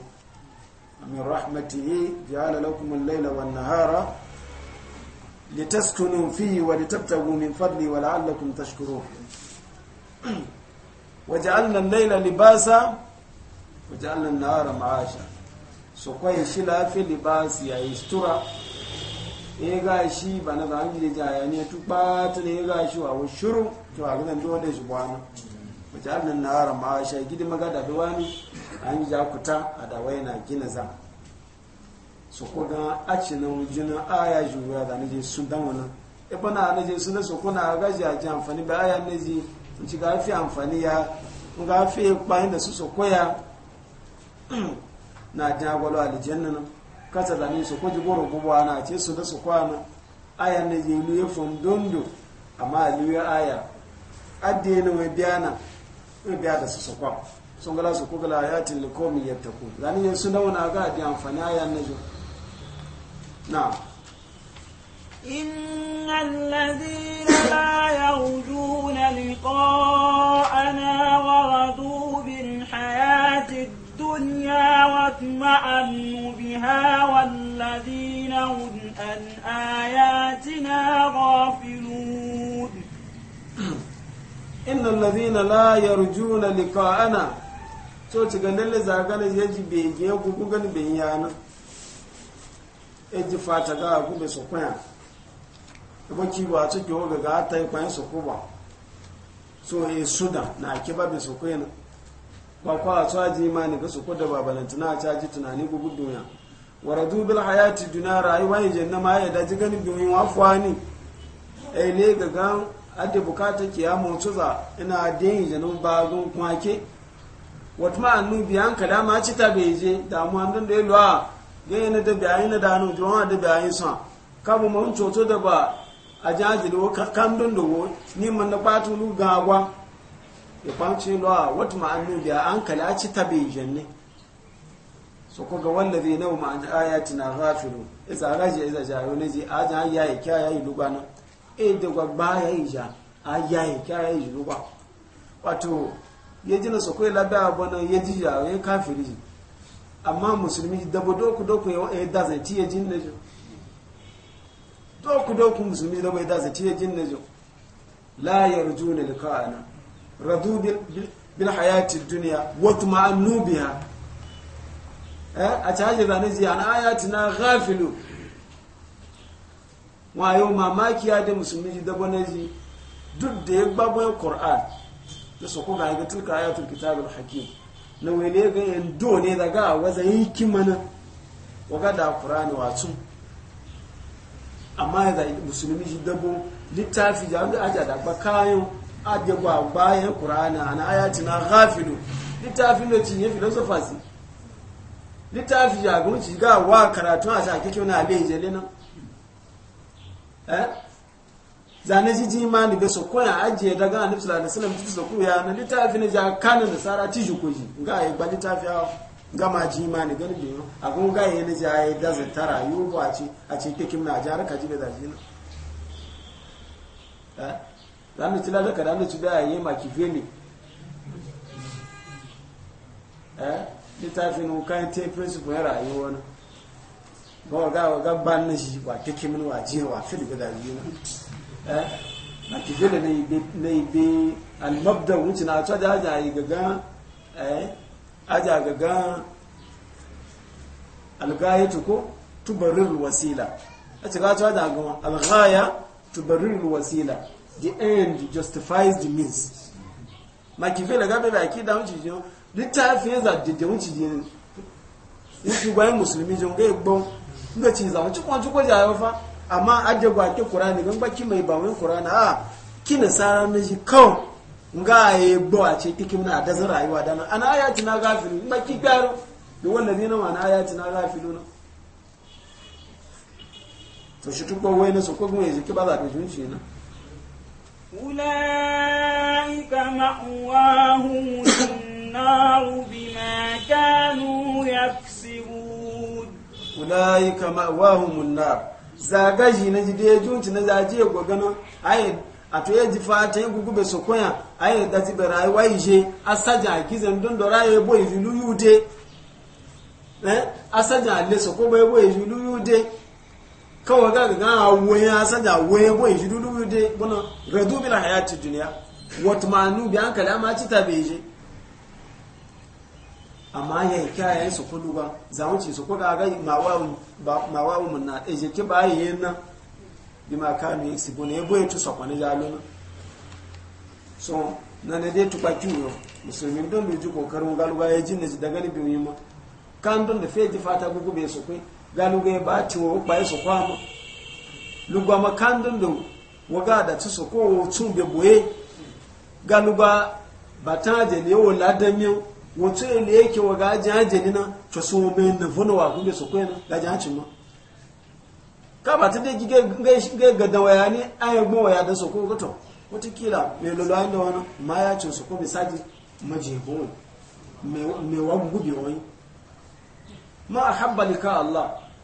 min rahmatihi ja'ala lakum al-layla wan-nahara litaskunu fihi wa litabtaghu min fadli wa la'allakum tashkurun waja'alna al-layla libasa waja'alna an-nahara ma'asha so kwai shi lafi libasi ya istura ya ga shi ba na ba hangi jaya ne tu ɓata ne ya ga shi wa shuru to a gudan do da shi bwana ta annan na haram ba shi gidi maga da duwa ne an ji kuta a da wai na gina za su ko ga a ci na wujina aya wuya da na je sun dan wani e na je sun su kuna na gaji a ji amfani ba aya na ji in ci ga fi amfani ya in ga fi bayan da su su koya na jagwalo aljanna nan kasa zane su kwaji goro gubuwa na ce su da su kwana aya na jelu ya fundundu a aliyu aya yana mai biya na mai biya da su su kwa sun gala su kogala ya tiliko mai yadda tako zane ya su dauna ga di amfani aya na jo na إن الذين لا يرجون لقاء الدنيا واطمأنوا بها والذين هم عن آياتنا غافلون إن الذين لا يرجون لقاءنا so ci ganin da zagana ya ji bege gugu gani bin yana ya ji fata ga gube su kwaya ba ki ba ta ki ga ta yi kwayan su kuba so ya e sudan na ki ba bin su ba kwa a caji ma ga su ko da babalanta a caji tunani gugu duniya waradu bil hayati duniya rayuwa ne janna ma ya daji ganin domin wafuwa ne ai ne ga gan adda bukata ki ya motsu za ina den janun bagun kwake wata ma annu biyan kada ma ci ta bai je damuwa don da ya luwa ga na da bayan na danu jiwon da bayan sa kabu mun coto da ba a jaji kakandun da wo ni man na batulu lu gagwa ifanci lawa wata ma'annu biya an kalaci tabe janne so ko ga wallazi na ma an ayati na ghafilu isa raji isa jayo ne ji a jan ya yi kya ya yi lugana e da gwa ba ya yi ja a ya yi kya ya yi lugwa wato ya ji na so kai labe abana ya ji ya yi kafiri ji amma musulmi dabo doku doku ya da zai ti ya jin na jo doku doku musulmi dabo ya da zai ti ya jin na jo la yarjuna liqa'ana radu bil hayati dunya wa tuma'annu biha eh a caje zane ji ayati na ghafilu wa yau mamaki ya da musulmi ji dabo ne ji duk da ya gbabo qur'an da su kuma ga tilka ayatul kitabul hakim na wele ga yan do ne daga waza yi kimana ga da qur'ani watsu amma ya da musulmi ji dabo littafi da an da aja da adegwa bayan qur'ana ana ayati na ghafilu littafin da cinye philosophers littafi jagun ci ga wa karatu a sake kyau na abin jele nan eh zane ji ji ma ni beso koya ajiye daga na sallallahu alaihi wasallam tsu ku ya na littafi ne ja kanin da sara ti juko ji ga ya lita littafi a ga ma ji ma ni gani biyo a kun ga ya ne ja ya da zatara yubo a ci a ci kikin na jaraka ji da ji na eh? dami ci lalaka dami ci baya yi maki femi eh littafin kan te principle ya rayuwa na ba wa gawa gaban na shi wa take mini wa jiya wa fili ga dalili na eh maki fili na ibe na ibe al-mabda wuce na ta da aja yi gaga eh aja gaga al-gayatu ko tubarrir wasila a cika ta da gama al-ghaya tubarrir wasila the end justifies the means makivele gabe ba akida unchijo litafi yeza dede unchijo nti gwa muslimi jo nge gbo ndo chiza unchi kwa chuko ja yofa amma adde gwa ke mai a kina sara meji nga a ce kikim na rayuwa dana ana ayati na أولئك مأواهم النار بما كانوا يكسبون أولئك مأواهم النار zagaji na jide junci na zaje gwagana ai a fata yin gugube na ai da tibe rayuwa ije asaja kizan don do raye boy vilu yude eh asaja le sokobe boy vilu yude kawai ga ga waya sada waya boy shi dudu de bona radu bil hayati dunya wat manu bi an kalama ci ta beje amma ya kyaye su kudu ba za mu ci su kudu ga mawawu mawawu mun na eje ki ba yin na bi ma ka ne si bona boy tu so kwani ja lona so na ne de tu ba kiwo musulmin don bi ju kokarin galuga ya jinna daga ni biyu ma kan don da feji fata gugu be su kai ga lugai ba ci wa ba su kwama lugwa makandun da waga da ci su ko tun be boye ga lugba bata je ne wo ladamiyo wato ne yake waga jaje ne na to so me na fono wa kuma su ko na ga jaje ma ka ba ta da gige gige ga da waya ne ayi wa waya da su ko goto wata kila me lolo an da wani ma ya ce su ko bisaji maje ko me me wa gubi wani ma ahabba lika Allah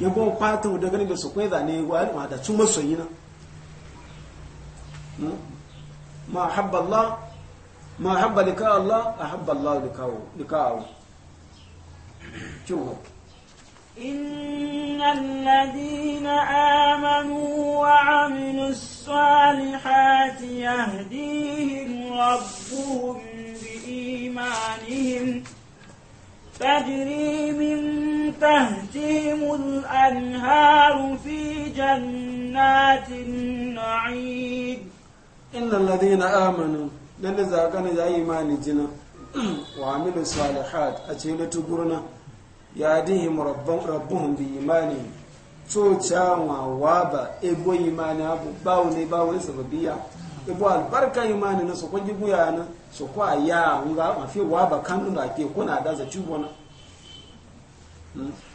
ya go kwata da ganin da su kai zane go ari ma da su masoyi na ma habba Allah ma habba lika Allah ahabba Allah likawo likawo kyau إن الذين آمنوا وعملوا الصالحات يهديهم ربهم بإيمانهم تجري من تحتهم الأنهار في جنات النعيم إن الذين آمنوا لن كان يا إيمان جنا وعملوا الصالحات أجيلة تقولنا يهديهم ربهم, ربهم بإيمانهم so cawa waba ebo imani abu باوني ne bawo ibu albarka imani na sokwa ya na sokwa a ya nga mafi wa ba kanun da ke kuna da za na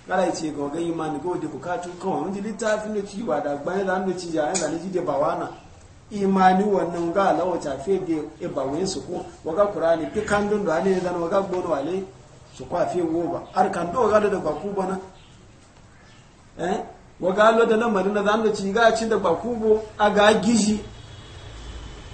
kala ce ga ga imani go de bukatu kawai mun littafin da ci da gban da da ci ya da ji da imani wannan ga lawa fe de e ba wen soko waga qur'ani ke da ne dan waga gbono wale fe wo ba ar ga da ba ku eh waga lo da da da ci ga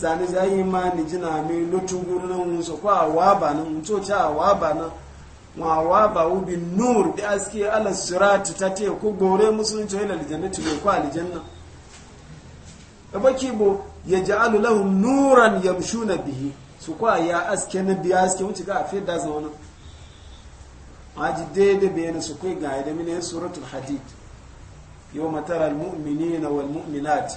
zane za yi ma ni jina mi lotu guru na wunso ko a waba na mutu ta a waba na wa waba ubi nur da aske ala surati ta te ko gore musulunci ila aljannati ne ko aljanna baki bo ya ja'alu lahum nuran yamshuna bihi su kwa ya aske na biya aske wuce ga afi da zauna aji daidai bayan su kai ga da mini suratul hadid yawma tara almu'minina walmu'minati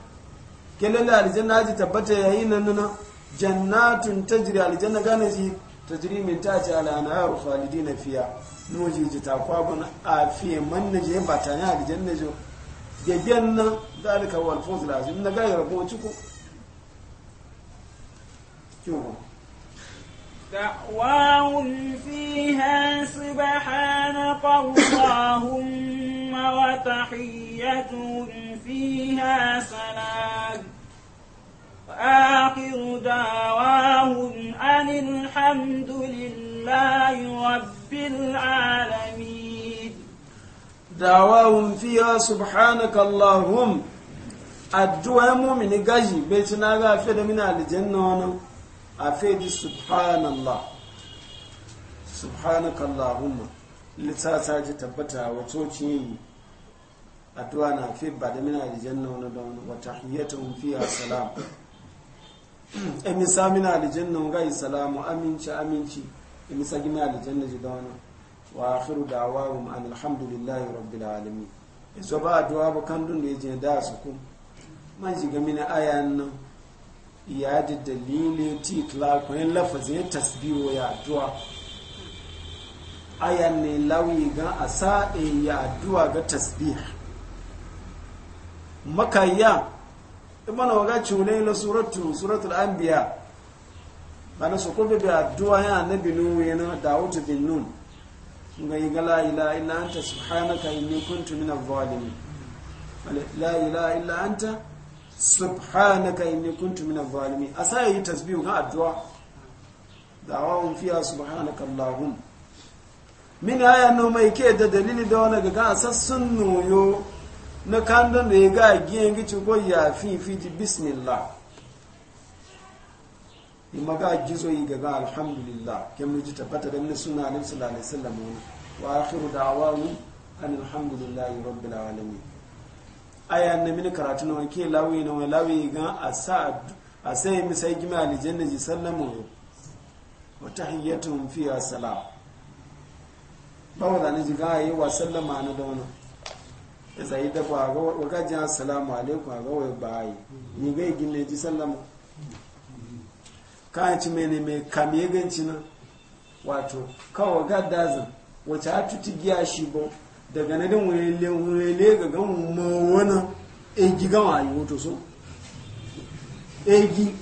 da aljanna ji tabbata yayin nan nan jannatun tajri aljanna gane ji tajri min ta tati ala anharu khalidina fiya noji ji ta a afiye man na je ba ta ne aljanna jo da za nan dalika wal fawz lazim na ga yarbo ciko kyo دعواهم فيها سبحانك اللهم اليوم وتحيتهم فيها سلام وآخر دعواهم أن الحمد لله رب العالمين دعواهم فيها سبحانك اللهم addu'a mumini gaji bai ci na ga fi da mina aljanna wani litsasa ji tabbata wa tsoci yi addu'a na fi ba da mina aljanna wani da wani wata hiyyatun fiya salam emi da aljanna ga yi salamu aminci aminci emi sagina aljanna ji da wani wa akhiru da'awahum ma'an alhamdulillahi rabbil alamin iso ba addu'a ba kan dun da ji da su ku man shiga mina ayan nan ya da dalili ti kla lafazin tasbiyo ya addu'a aya ne lawi ga a sa'e ya addu'a ga tasbih makayya imana waga cune na suratu suratul anbiya bana su ko bi addu'a ya annabi nu yana dawud bin nun ga yiga la ilaha illa anta subhanaka inni kuntu minaz zalimin la ilaha illa anta subhanaka inni kuntu al zalimin asa yi tasbih ga addu'a da'awun fiya subhanaka allahumma mini haya no mai ke da dalili da wani gaga a sassun noyo na kandon da ya ga giyan gici ko ya fi fi ji bismillah yi maga gizo yi gaga alhamdulillah kemgbe ji tabbata da mini suna alim sallallahu alaihi wasallam wani wa akhiru da'awani an rabbi rabbil alamin aya na mini karatu na wanke lawi na wani lawi gan a sa a sai misai gima alijanna ji sallamu wa tahiyyatuhum fiha salam bawo da ni ziga yi wa sallama na da wani ya tsayi da ba waka ji assalamu alaikum a ga wai bayi ni ga yi gina ji sallama kayan ci mai ne mai kame ganci na wato kawo ga dazin wace a tuti giya shi ba daga na din wurele ga gan wani egi gama yi wato so egi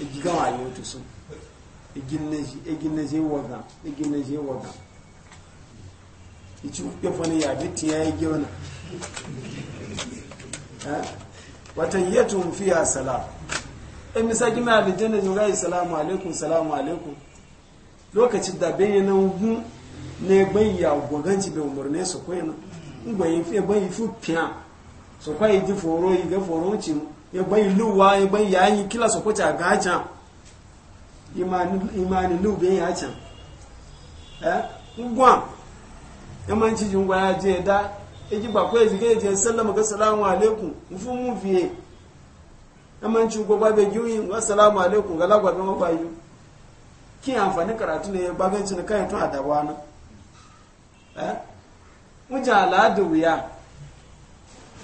egi gama yi wato so egineje waga egineje waga ichi upe fani ya biti ya yi yi igiona watayyatun fiya salam in misaki mai alijanna jin gai salamu alaikum salamu alaikum lokacin da bayyana hu ne bayya gwaganci bai umarne su na, gwayi fi bayi fi fiya su kwayi ji foro yi ga foro cin ya bayi luwa ya bayi yayin kila su kwace a gajan imani lube ya can eh, ngwa yamanci jingwa ya je da eji ba ko eji ke je sallama ga salamu alaikum mfu mu fiye yamanci gwagwa bai giyoyi wa salamu alaikum ga lagwa bai mabayu ki amfani karatu ne baganci na kayan tun eh, a dawa na mujan al'adu wuya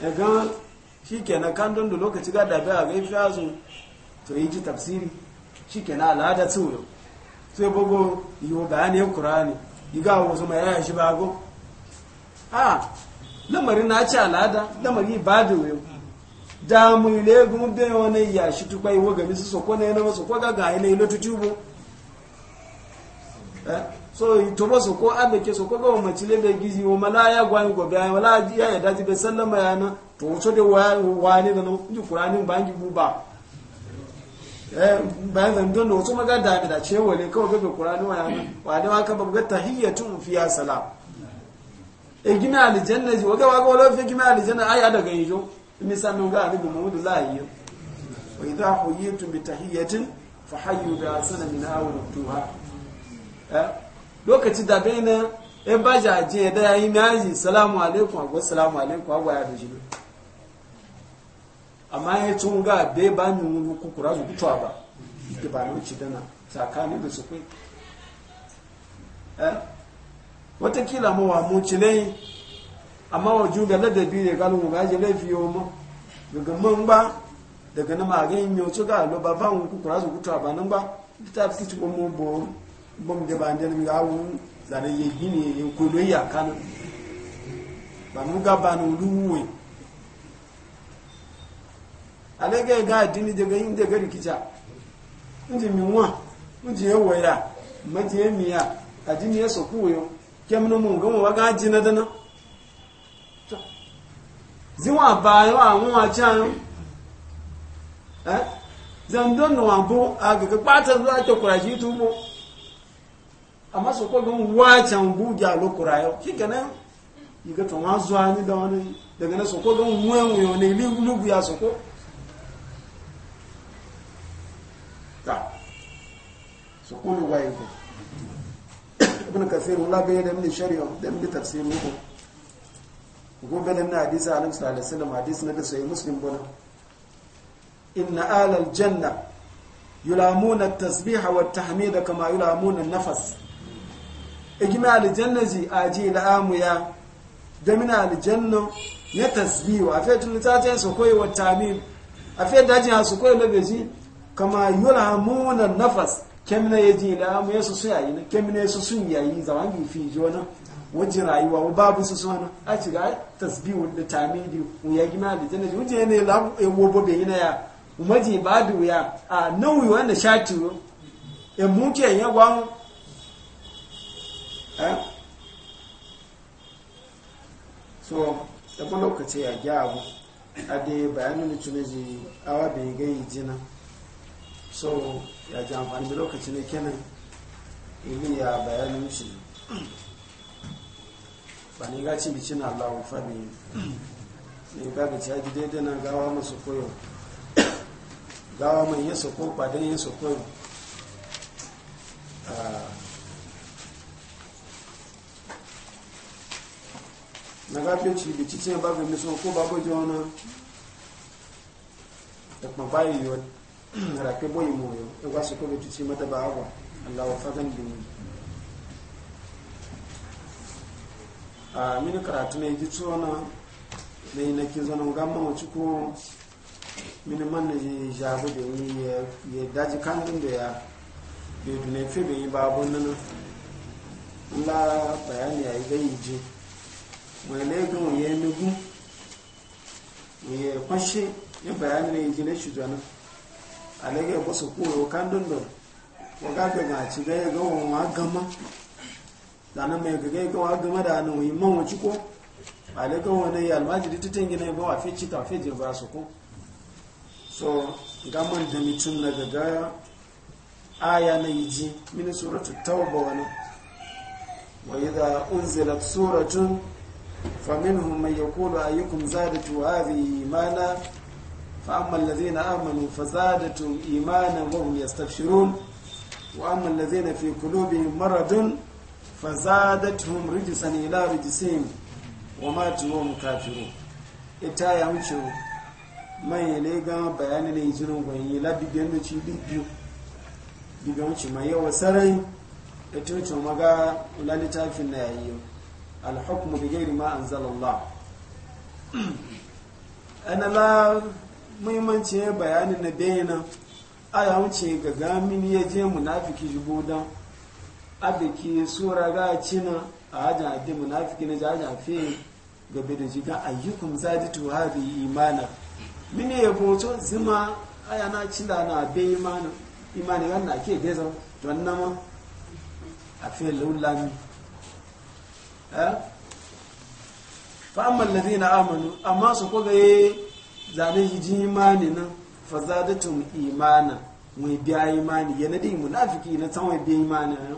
ya gan shi kenan kan don da lokaci ga dabe a gaifi azu to yi ji tafsiri shi ke na al'ada tsoro sai bugu yiwu bayanai kurani iga wasu mai yaya shi bago a lamarin na ci al'ada lamarin ba da wuyo damu mu ile gumu da wani ya shi tukwa iwo gami su soko na yana wasu kwaga ga yana ilo tutubu eh, so itobo soko abeke soko ga wa macile da gizi wa malaya gwani gobe ya malaya ya daji bai sallama na to wato da wani da nan ji kurani ba buba bayan zandon da wasu maga da da ce wale kawai gaba kurani wa yana wa da waka babu ga fi fiya salam e gina na ji waga waga wala fi gina na aya daga jo ni sanu ga annabi Muhammad lahi yo wa yi tun bi tun, fa hayu da suna min awon tuha eh, lokaci da bai na e jaje da yayi naji salamu alaikum wa salamu alaikum wa ya da shi amma ihe tun ga be ba ni kukura su kutuwa ba da ba nuci dana tsakani da su kai eh? watakila ma wa muci lai amma wa juga ladabi ne galu mu gaje laifi daga na magayin yau su ga lo ba kukura su kutuwa ba nan ba ta fi ci ga ye ye luwe alege ga dini daga yin daga rikica inji minwa inji e e ya waira maji ya miya a dini ya e soku wayo kem na mu gama waga ji na dana ziwa bayo a nwa can eh zandon na wambo a gaga kpata za ta kuraji tubo amma su kwa gan wacan bugya lokura yau kika nan yi ga tuwa zuwa ni da wani daga na su kwa gan wuyan wuyo ne ilu ya su su kulu waye ku? ibn kasir wala bai da mini shari'a da mini tafsir Ku gobe da na hadisi annabi sallallahu alaihi wasallam hadisi na da sai muslim bona inna alal janna yulamuna at tasbiha wa at da kama yulamuna an-nafas ijma al-jannati aji al-amu ya da min al-janna ya tasbi wa fa tun ta ce su koyi wa tahmid a fa daji ha koyi labeji kama yulamuna an-nafas kemne yaji ji lamu ya su yayi na kemne ya sun yayi zaman gifi ji wani wajen rayuwa wa babu su susu wani a ci ga tasbihu da tamidi mu e ya gina da janaji wuje ne lamu ya wobo bai yana ya umaji ba da wuya a nauyi wanda shati wo ya muke ya gwamu so da kuma lokaci ya gyabu a da bayanin tunaji awa bai gai jina so ya ji amfani da lokaci ne kenan ilmi ya bayanin shi ba ne ga cin bicin Allah wa fadi ne ga ga ci haji daidai na gawa masu koyo gawa mai yin su ba don yin su koyo ah. na gafin ci bici ce babu miso ko babu jiwa na da kuma bayi yiwu rake boyi moyo e wasu ko bitu ci mata ba agwa Allah wa fadan bin a min karatu ne ji tsona ne na zo zona ngamma mu ciko min man ne jabu da yi ya daji kan din da ya be dune fe be ba bonnan la bayani ya ayi gayi ji mu ne gun ye nugu mu ye kwashi ya bayani ne ji ne shi zona alege ko su ko kan dun do ko ga ga ci ga ga wa gama dana mai ga ga wa gama da nan yi man wuci ko alege wani ta titin gina ba wa fi ci ta fi je ba su ko so gaman da mutum na gaga aya na yiji min suratu tauba wani wa idha unzilat suratun faminhum man yaqulu ayyukum zadatu hadhihi imana فأما الذين آمنوا فزادتهم إيمانا وهم يستبشرون وأما الذين في قلوبهم مرض فزادتهم رجسا إلى رجسهم وماتوا وهم كافرون ita ya wuce mai ne ga bayani ne jinin gwanyi labigen da ci biyu diga wuce mai yawa sarai da tuce maga lalitafin na yayi alhukmu bi gairi ma anzalallah ana la muhimmanci ya bayani na bayyana a ya wuce ga gamin ya je munafiki shigo don abiki sura ga cina a hajjan adi munafiki na jajan a ga gabe da jiga ayyukun zaji to hari imana mini ya boto zima aya na cina na be imana imana yana ke geza don nama a fi lullami fa'amman fa na amanu amma su ko zane shi ji imani nan fazadatun imana mai biya imani ya nadi munafiki na tsawon biya imani nan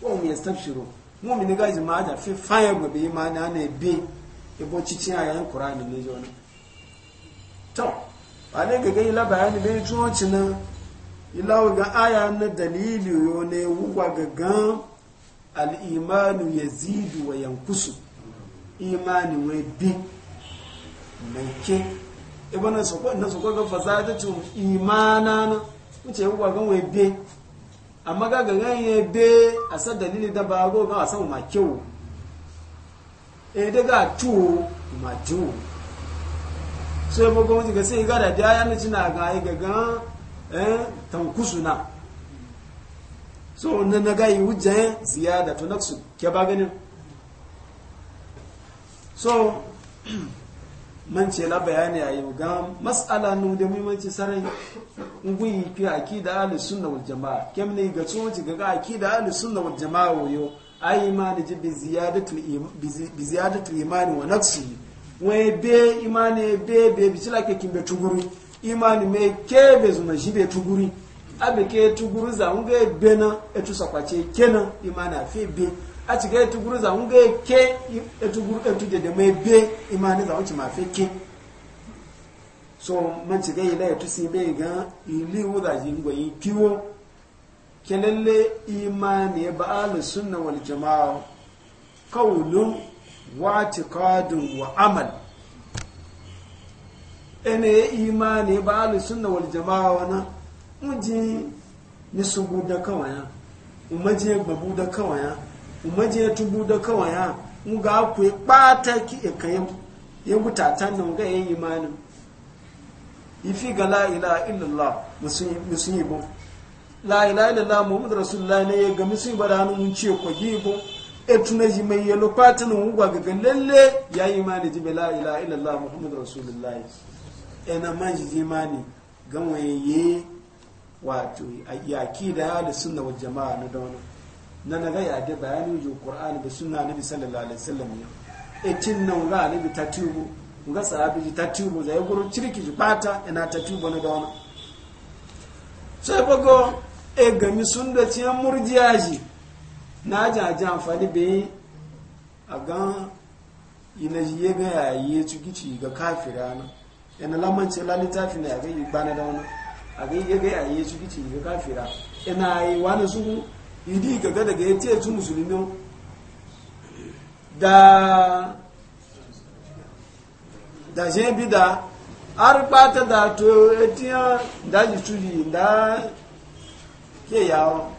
ko mu yastabshiru mu mi ga ji mata fi fayar mu biya imani na bi ibo cici a yan qur'ani ne jona to ba ne ga gani labayani bai tuwanci cina ilawa ga aya na dalili yo ne wuwa ga gan al'imanu yazidu wa yankusu imani wai bi mai ke ibana sokwa na sokwa ga fasada tu imana na wuce a ga webe A ga ga gan yebe a sa dalili da ba go eh, ga san ma e daga tu ma so yabo ga wuce ga sai ga da ya yana cina ga yi gaga gan eh, tankusu na. so na naga ga yi wuce ziyada to su ke ba ganin so man ce la bayani a yau ga matsala nu da muhimmanci sarai ngun yi aki da ahli sunna wal jamaa kem ne ga tsohon ci ga aki da ahli sunna wal jamaa wayo ai ma da ji bi ziyadatu bi ziyadatul imani wa nafsi wai be imani be be bi tila ke kimbe tuguri imani me ke be zuma be tuguri abe ke tuguri za ngai na etu sakwace kenan imani afi be a ci ga etuguru za mu ga ke etuguru etu de de mebe imani za mu ci mafe ke so man ci ga ila etu si be ga ili wuda ji ngo yi kiwo kelele imani ba al sunna wal jamaa qawlun wa i'tiqadun wa amal ene imani ba al sunna wal jamaa wana ji ni sugu da kawaya umaje babu da kawaya umaje tubu da kawai ya? Muga ga ku ya bata ki e kayan ya guta tan nan ga yayin imanin ifi ga la ilaha illallah musulmi bo la ilaha illallah muhammadu rasulullah ne ga musulmi ba da hannun mun ce ko gibo etuna ji mai yalo patin ungwa gaga lalle ya yi mani ji bela ila illallah muhammadu rasulullahi ena man ji ji mani ganwaye wato yaki da ya da sunna wa jama'a na dauna na naga ya da bayani ju qur'ani bi sunna nabi sallallahu alaihi wasallam ya e tin nan ga nabi tubu ga sahabi ji tubu zai guru ciriki ji bata ina tatubu na dawana sai bago e gami sun da ciyan murjiyaji na jaji amfani bai a gan ina ji ya yi yi cikici ga kafira na yana e lamanci lalitafi e na yi gai gbana dawana a gai ya yi yi cikici ga kafira ina yi wani su. idi gaga daga ya ce su musulmi da da shi bi da har bata da to etiyan daji suji da ke yawo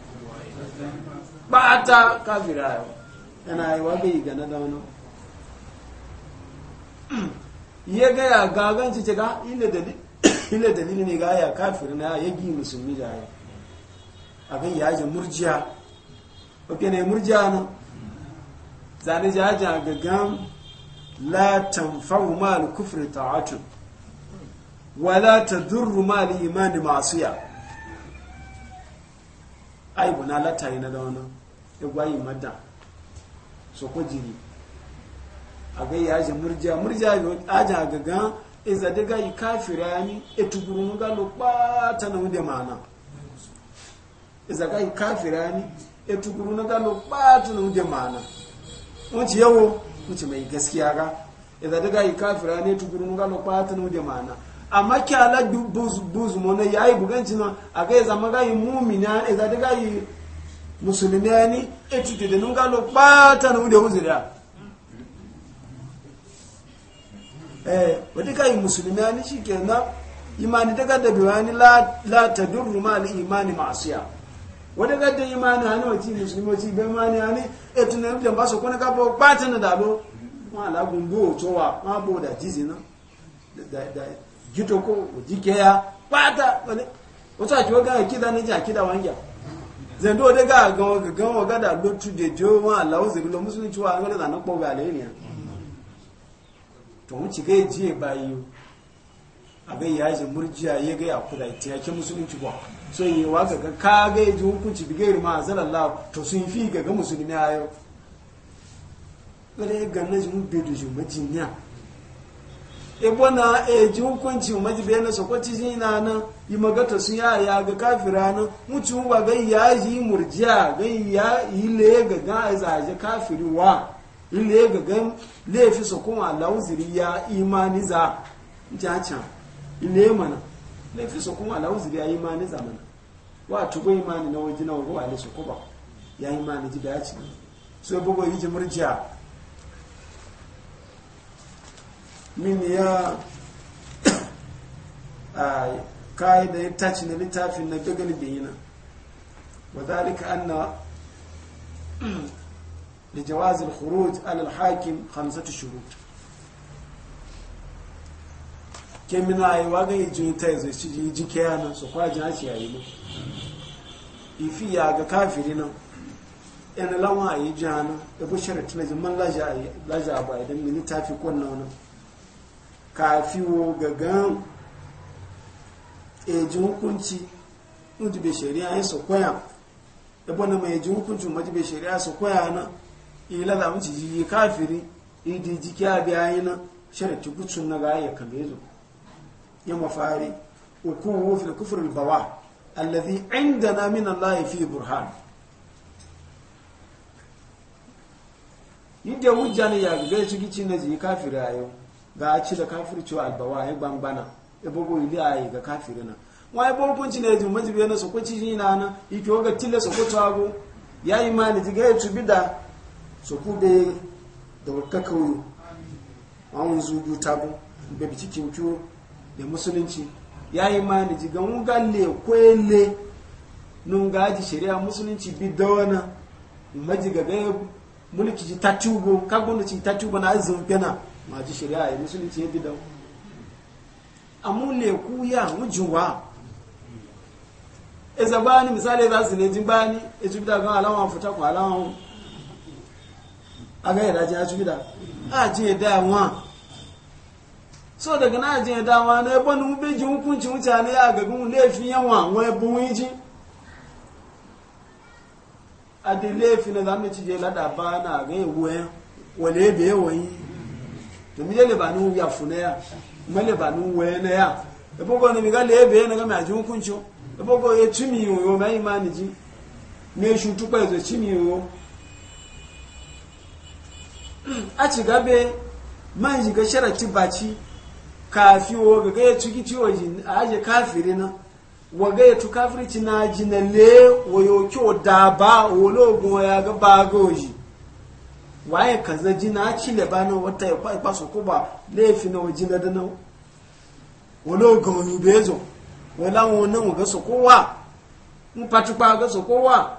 bata kafira yau yana yi wa bai gana da wani iya gaya gagan ci ce ga ina dalili ne ga ya kafir na ya gi musulmi da a ga yajin murjiya ok ne murjiya nan zane jaji a gagan la tanfa'u ma al-kufri ta'atun wa la durru ma al-imani ya, ai na lata na da wannan igwayi madda so ko jiri a ga yaji murjiya murjiya ajiye a gagan izadiga yi kafira ni etuguru ga lo pata na wunde ma'ana zakai kafirani etukuru batu yi etukuru na batu na wuje buzu yi buganci a mumina eh, yi musulmi batu na eh imani da la la tadurru al imani ma'asiya wadda gadda imani hannu wa ci musulmoci bai mani hannu e tunan yadda ba su kuna gaba batin na dalo ma lagun bo towa ma bo da jizi na da gito ko jike ya bata wani wata ki waga kida ni ja kida wanja zendo de ga ga ga waga da lotu de jo ma lawo zibi lo musulunci wa ngale da na ko ga le ne to mu ci ga ji bayi a ga yaji murjiya ya ga ya kuda ta yake musulunci ba so yi wa ga ka ga ji hukunci bi gairu ma zalallah to sun fi ga ga musulmi ayo yau ga na ji mu be ji majinya jinya e bona e ji hukunci mu ji be na so ko ci zina nan yi magata sun ya ya ga kafira nan mutu mu ba ga ya ji murjiya ga ya yi le ga ga zaje kafiri wa ile ga ga lefi so kuma lauziri ya imani za jacha ile mana laifin alawuzi kuma alawun zuriya yi mani zamani wa bai mani na wajen na wago alisu ba ya mani ji da ya ci so bugo yi murjiya min ya a ah, da ya taci na littafin na gagal bayina wa na da jawazin khuruj alal hakim خمسة شروط kemina ayi waga ijo ta izo ci ji ji ke yana so kwa ji aci ayi ne ifi ya ga kafiri nan yana lawan ayi ji hana da bu sharat na ji man laja laja ba idan mini tafi kunna ka fi wo gagan gan e ji hukunci mutu be shari'a yin su koya da bana mai ejin hukunci mutu be shari'a su koya na ila da mu ji kafiri idi ji ke abi yi na sharat gutsun na ga ya zo ya mafari hukun hufi da kufurin bawa allazi inda na minan layi fi burhan yi da hujja ne ya ga ya ci gici na ji kafiri a yau ga a ci da kafiri cewa albawa ya gbangbana ya bugu ili a yi ga kafiri na wa ya bugu kunci na ya ji majibi yana sokwaci ji na yi ike waga tile sokwaci abu ya yi ma ni ga ya tubi da sokube da wakakau an zubu tabu bi cikin kyo da musulunci ya yi mani ji gan galle kwele nun gaji shari'a musulunci bi dawana maji gaga mulki ji tatubo ka gwamnati tatubo na azin fena ma ji shari'a ya musulunci ya bi amu le ku ya mujuwa eza bani misali za su ne jin bani e jubida gan alawan futa ko alawan aga ya daji a jubida a ji ya da wọn so daga na jin dama na ebe na ube ji hukunci mutane a gabin laifin yawa wani buwin ji iji da laifin na zamu ci je lada ba na ga ewe wale ebe yawa yi to mi yele ba ni ya na ya mele ba ni we na ya ebe ko ni mi ga lebe na ga ma ji hukunci ebe ko e tumi yo mai mani ji me shu tupa ezo tumi yo a ci gabe man shiga sharati baci kafi wo gaga ya tuki ciwo aje kafiri na waga ya tuka firici na jinale wayo kyo da ba wolo ya ga bagoji waye kaza jina chile bana wata ya kwa kwaso kuba fi na wajina da na wolo gonu bezo wala wona waga sokowa mpatu pa ga sokowa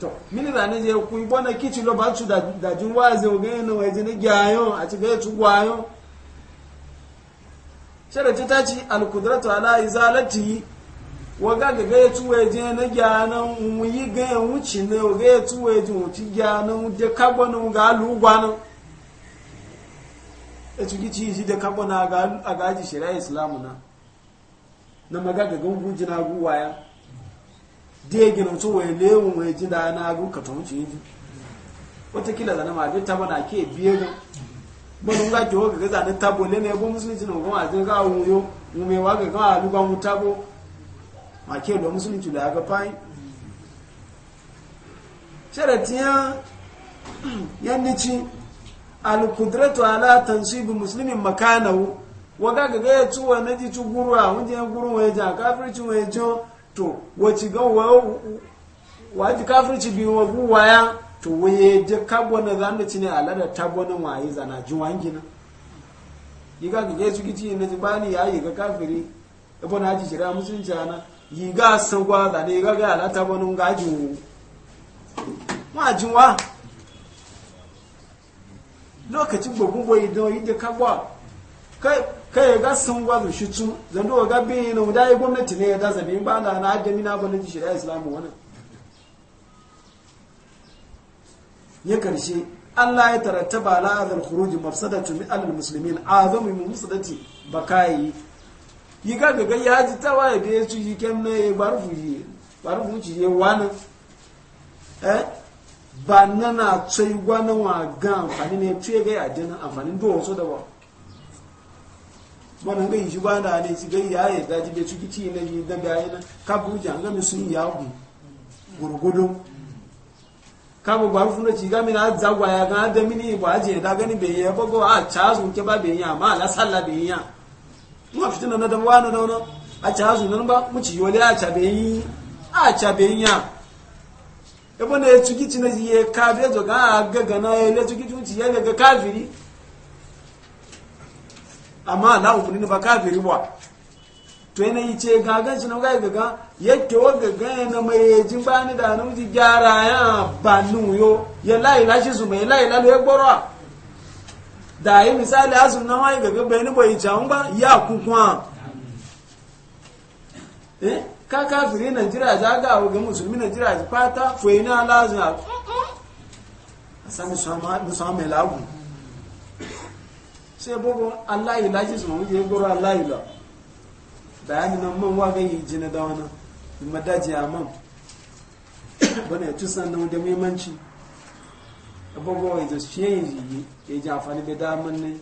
to mini da ne je ku ibona kichi lo ba tu da da junwaze ogene wajina gyayo ati ga tu yo. sharatu ta ci alkudratu ala izalati wa ga ga ga tuwe je na gyana mu yi ga wuci ne wa ga tuwe je wuci gyana mu de kagbon ga lu gwana e tuki ci ji de kagbon ga a ga ji shari'a islamu na na maga ga ga guji na guwa ya de ga no tuwe le mu ji da na gu ka to mu ci ji wata kila da na ma bi ta bana ke biye ga bọ́n nga jọ gẹ́gẹ́ zane tabo lẹ́nu ẹgbọ́n musulmi ti nà ọgbọ́n àti nga àwọn yo wọn wà gẹ́gẹ́ àlùgbà wọn tabo màá kí ẹ̀lọ́ musulmi ti lọ àgọ́ páyín. ṣẹlẹ̀ tiẹ́ yẹn ní chi alukudurẹ́tọ̀ alátanṣíbi musulmi makanawo wọ́n wa gẹ́gẹ́ yẹ tu wọn ẹni tu guru à wọ́n jẹ́ gúrú wọn ẹja káfírí tí wọ́n ẹjọ́ tó to waye je na zanda cine alada tabona waye zana ji na. yi ga yesu gici ne bani ya yiga kafiri ibon haji shira musulunci ana yiga san gwaza ne yiga ga alata bonu ngaju majuwa lokacin gbogbo boyi don yi da kagwa kai ya ga sun gwazo shi tun zando ga bin yi na wuda ya gwamnati ne ya da zabi ba na na adami na abin da shirya islamu wannan ya karshe Allah ya tarattaba ala hadal khuruj mafsadatu min al muslimin azamu min bakai yi ga ga ya ji tawaye da ya ci barfu yi barfu ci ye wani eh ba nana wa ga amfani ne tuye ga amfani do da ba wannan ga yi na ne ci ga ya ya daji kabo gba funu ci ga mina zagwa ya ga da mini ba je da gani be ya bago a ah, chazu ke ba be ya ma la salla be ya mu a fitina na da wa na da a chazu nan ba mu ci yole a ah, cha be yi a ah, cha be ya e bo ne tuki ci na ye ka be zo ga ga ga na ele tuki tu ci ya ga kafiri amma na ku ni ba kafiri ba to yana yi ce gagan shi na ga gaga yake wa gaga yana mai yajin bani da nan ji gyara ya ba nuyo ya layi lashi su mai layi lalo ya gboro da yi misali asun na wani gaga bai ni bai jawon ba ya kukuwa eh ka kafiri najira za ga ga musulmi najira fata foyi na lazun a sa musamman mai lagun sai bugu allah ilaji su mamu je goro allah ilaji bayani nan man wa gayi jina da wani ma daji a man bana ya ci sannan da muhimmanci abubuwa ya shi ciye yi ya ji amfani da damar ne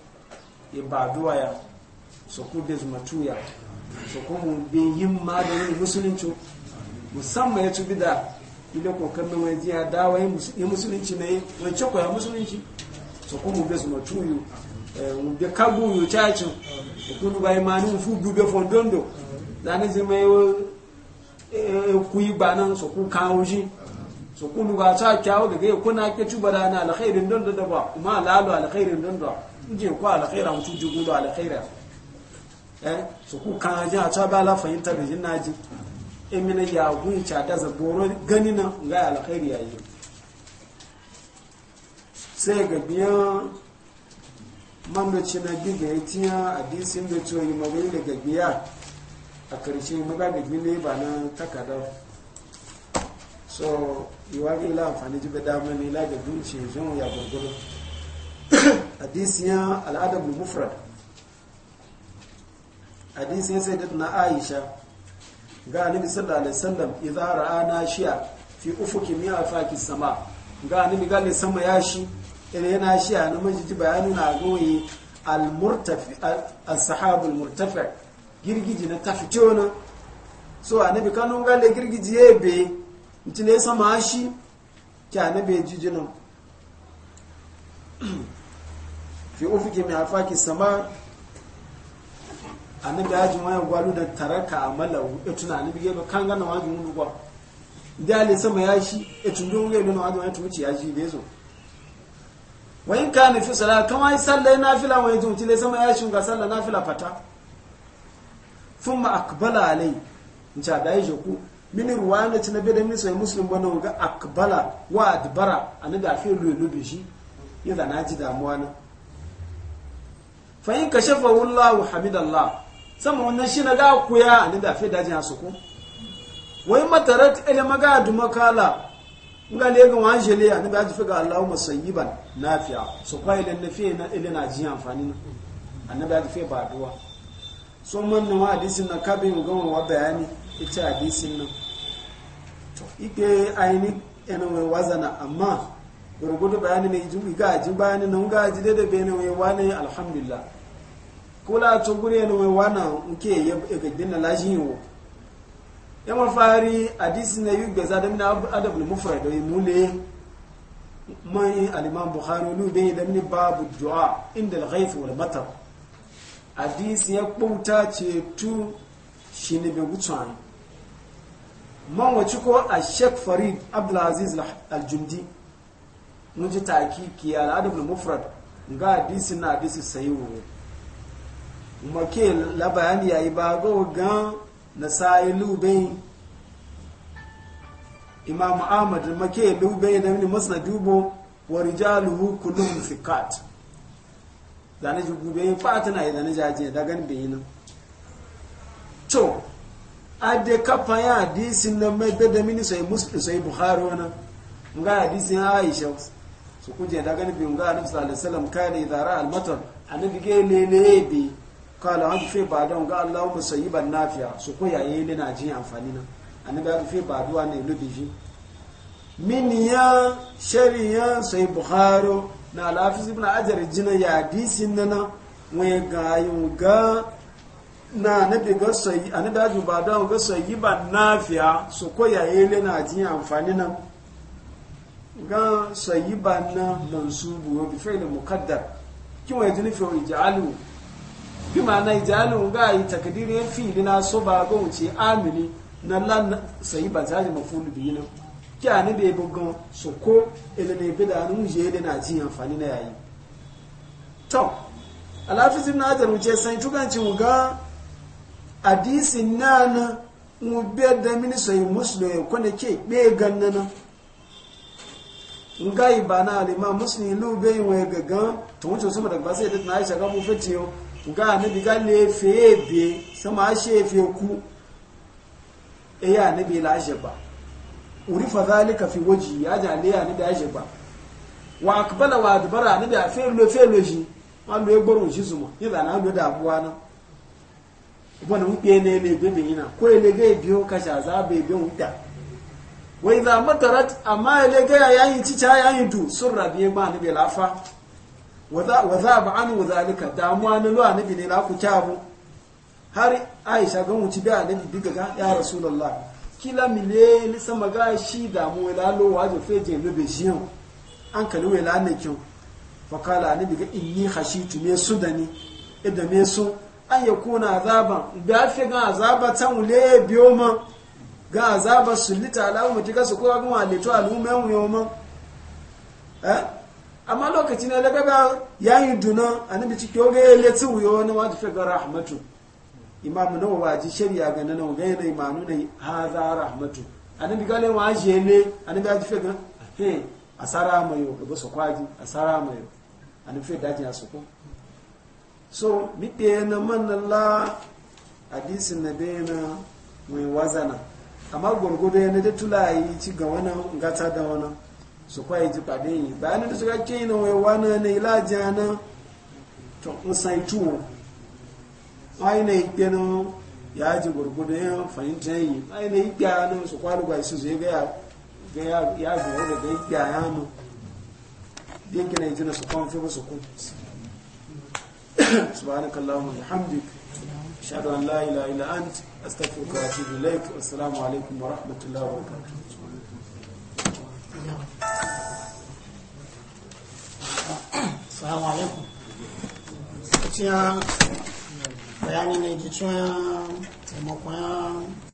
ya ba duwa ya su ku da zuma tuya su mu bin yin maganin musulunci musamman ya ci da ile kokarin wani ya dawa yi musulunci na yi wani cakwaya musulunci Soko mu bai zuma tuyu Eh, be kagu yu chacho kunu ba imani fu gube dondo. dane zima yo eh, kuyi ibana so ku kawji so kunu ga ta kyawo daga ko na ke tuba da na alkhairin dondo da ba kuma lalu alkhairin dondo je ko alkhaira mutu jugu da alkhaira eh so ku kan ja ta ba la fahimta da jinnaji emina ya gun cha da zaboro ganina ga alkhairi yayi sai ga biyan mamlaci na giga ya tiya a disin da ciwon yi magani da biya a karshe maga da gini ba na takadar so iwa ila amfani jibe dama ne ila da dunci zon ya gurguru a ya al'adar mufrad a disiya sai da na aisha ga annabi sallallahu alaihi wasallam idza ra'a nashiya fi ufuki mi'a faki sama ga annabi ga ne sama yashi ina yana shi a na majiji bayanu na goyi al-sahabu al-murtafi girgiji na tafito na so annabi kanun gale girgiji ya be mutum ya sama shi ki annabi jijinan fi ufike mai afaki sama annabi ajin wani gwalu da taraka amala malawu ya tuna annabi ya ba kan gana wajen wani gwa da ya sama ya shi ya tundu wani ya nuna wajen wani tumuci ya shi bai zo wa in kana fi salat kama yi sallah nafila wa yajum tile sama ya shunga salla nafila fata thumma akbala alai in cha da yaje ku min ruwana ci na bada min sai muslim bana ga akbala wa adbara annabi afi lulu da shi yadda na ji damuwa na fa in kashafa wallahu hamidallah sama wannan shi na ga kuya annabi afi daji asuku ku wai matarat ilmaga dumakala nga le ga wan jele ya ne ba ji figa Allahumma sayyiban nafi'a so kwa na fiye na ile na ji amfani na annabi ya fiye ba duwa so man na hadisin na kabi mu gan wa bayani ita hadisin nan to ike aini ene we wazana amma gurgudu bayani ne ji ga ji bayani na ga ji bene wani alhamdulillah kula to gure ne nke ya e ga dinna lajiwo ya fari hadisi na yi gaza da mina adabul mufrad da mule mai aliman buhari olu bai da babu du'a inda al-ghayth wani matar hadisi ya kpauta ce tu ne bai gutsan man wace ko a Sheikh Farid Abdulaziz aljundi mun ji takiki al-adabul mufrad ga hadisi na hadisi sayi wuri make labayan yayi ba ga gan Na nasa'i lubain imam ahmad make lubain da na masnadubo wa rijaluhu kullum thiqat zane ji gube fatina ya zane jaje da gan bayin nan to da kafa ya hadisin nan mai da mini sai musulun sai Nga hadisi ga hadisin aisha su kuje da gan bayin ga annabi sallallahu alaihi idara almatar a nufi ge ne ne bi kala an fe ba don ga Allahu musayiban nafiya su ko yayi ne na jin amfani na annabi ya fe ba duwa ne lubi ji min ya shariya sai bukhari na lafiz ibn ajar jina ya hadisin nana wani ga yun ga na annabi ga sai annabi ya ba don ga sayiban nafiya su ko yayi ne na jin amfani na ga sayiban na mansubu fai da muqaddar kin wa jini fi ja'alu bi ma'ana ijalin ga yi takdirin fi'ili na so ba ga wuce amini na lan sai ba na mafulu bi ne ki ani be bugon so ko ele ne bi da nu je da na ji amfani na yayi to alafiz ibn hajar wuce sai tuganci mu ga hadisin nana mu be da mini sai muslim ko ne ke be gannana ngai bana al-imam muslim lu be we gaga to wuce sama da ba sai da na aisha ga mu Nga anabi ga lefe ebe sama ashe efe ku eyi anabi la ashe ba urifa zalika fi waji ya jale ya anabi ashe ba wa akbala wa adbara anabi a felo felo shi wọn lo egboron shi zuma yadda na lo da abuwa na ubo na wupe na ele ebe mai yana ko ele ga ebi o kasha za ba ebe wuta wai za matarat amma ele ga yayin cica yayin du sun rabi ba anabi lafa wa za ba an anu zalika damuwa na luwa nabi ne laku kyabu har aisha gan wuce biya nabi diga ga ya rasulullah kila mile ni sama ga shi damuwa la lo wa je feje lo be shi an kali we la ne kyau fa kala nabi ga inni khashitu me sudani ida e me su an yakuna azaban da fi ga azaba tan wule biyo ma ga azaba sulita alamu tika su ko ga mu aleto alumen yoma eh amma lokaci na daga ga yayi duna annabi ciki yoga ya lati wuyo na waji fi rahmatu imam na waji shari'a ga nan ga yana imanu ne haza rahmatu annabi gale waji ne annabi ya fi ga he asara mai yo ga su kwaji asara mai yo annabi fi daji su ko so mitte na manalla hadisin na bayana mai wazana amma gurgudu ne da tulayi ci ga wani gata da wani su kwaye ji pàdé yi. bayanin da suka ce na wayewa na na ilaji ana to n san tuwo na ikpe na ya ji gurgudu ya fahimta yi ai na ikpe na su kwalu gwai su zai ga ya zuwa da ga ikpe a yanu dinki na yi jina su kwan fi su kun سبحانك اللهم وبحمدك اشهد ان لا اله الا انت استغفرك واتوب assalamu alaikum wa rahmatullahi wa وبركاته salamu alaikum cikin bayani ne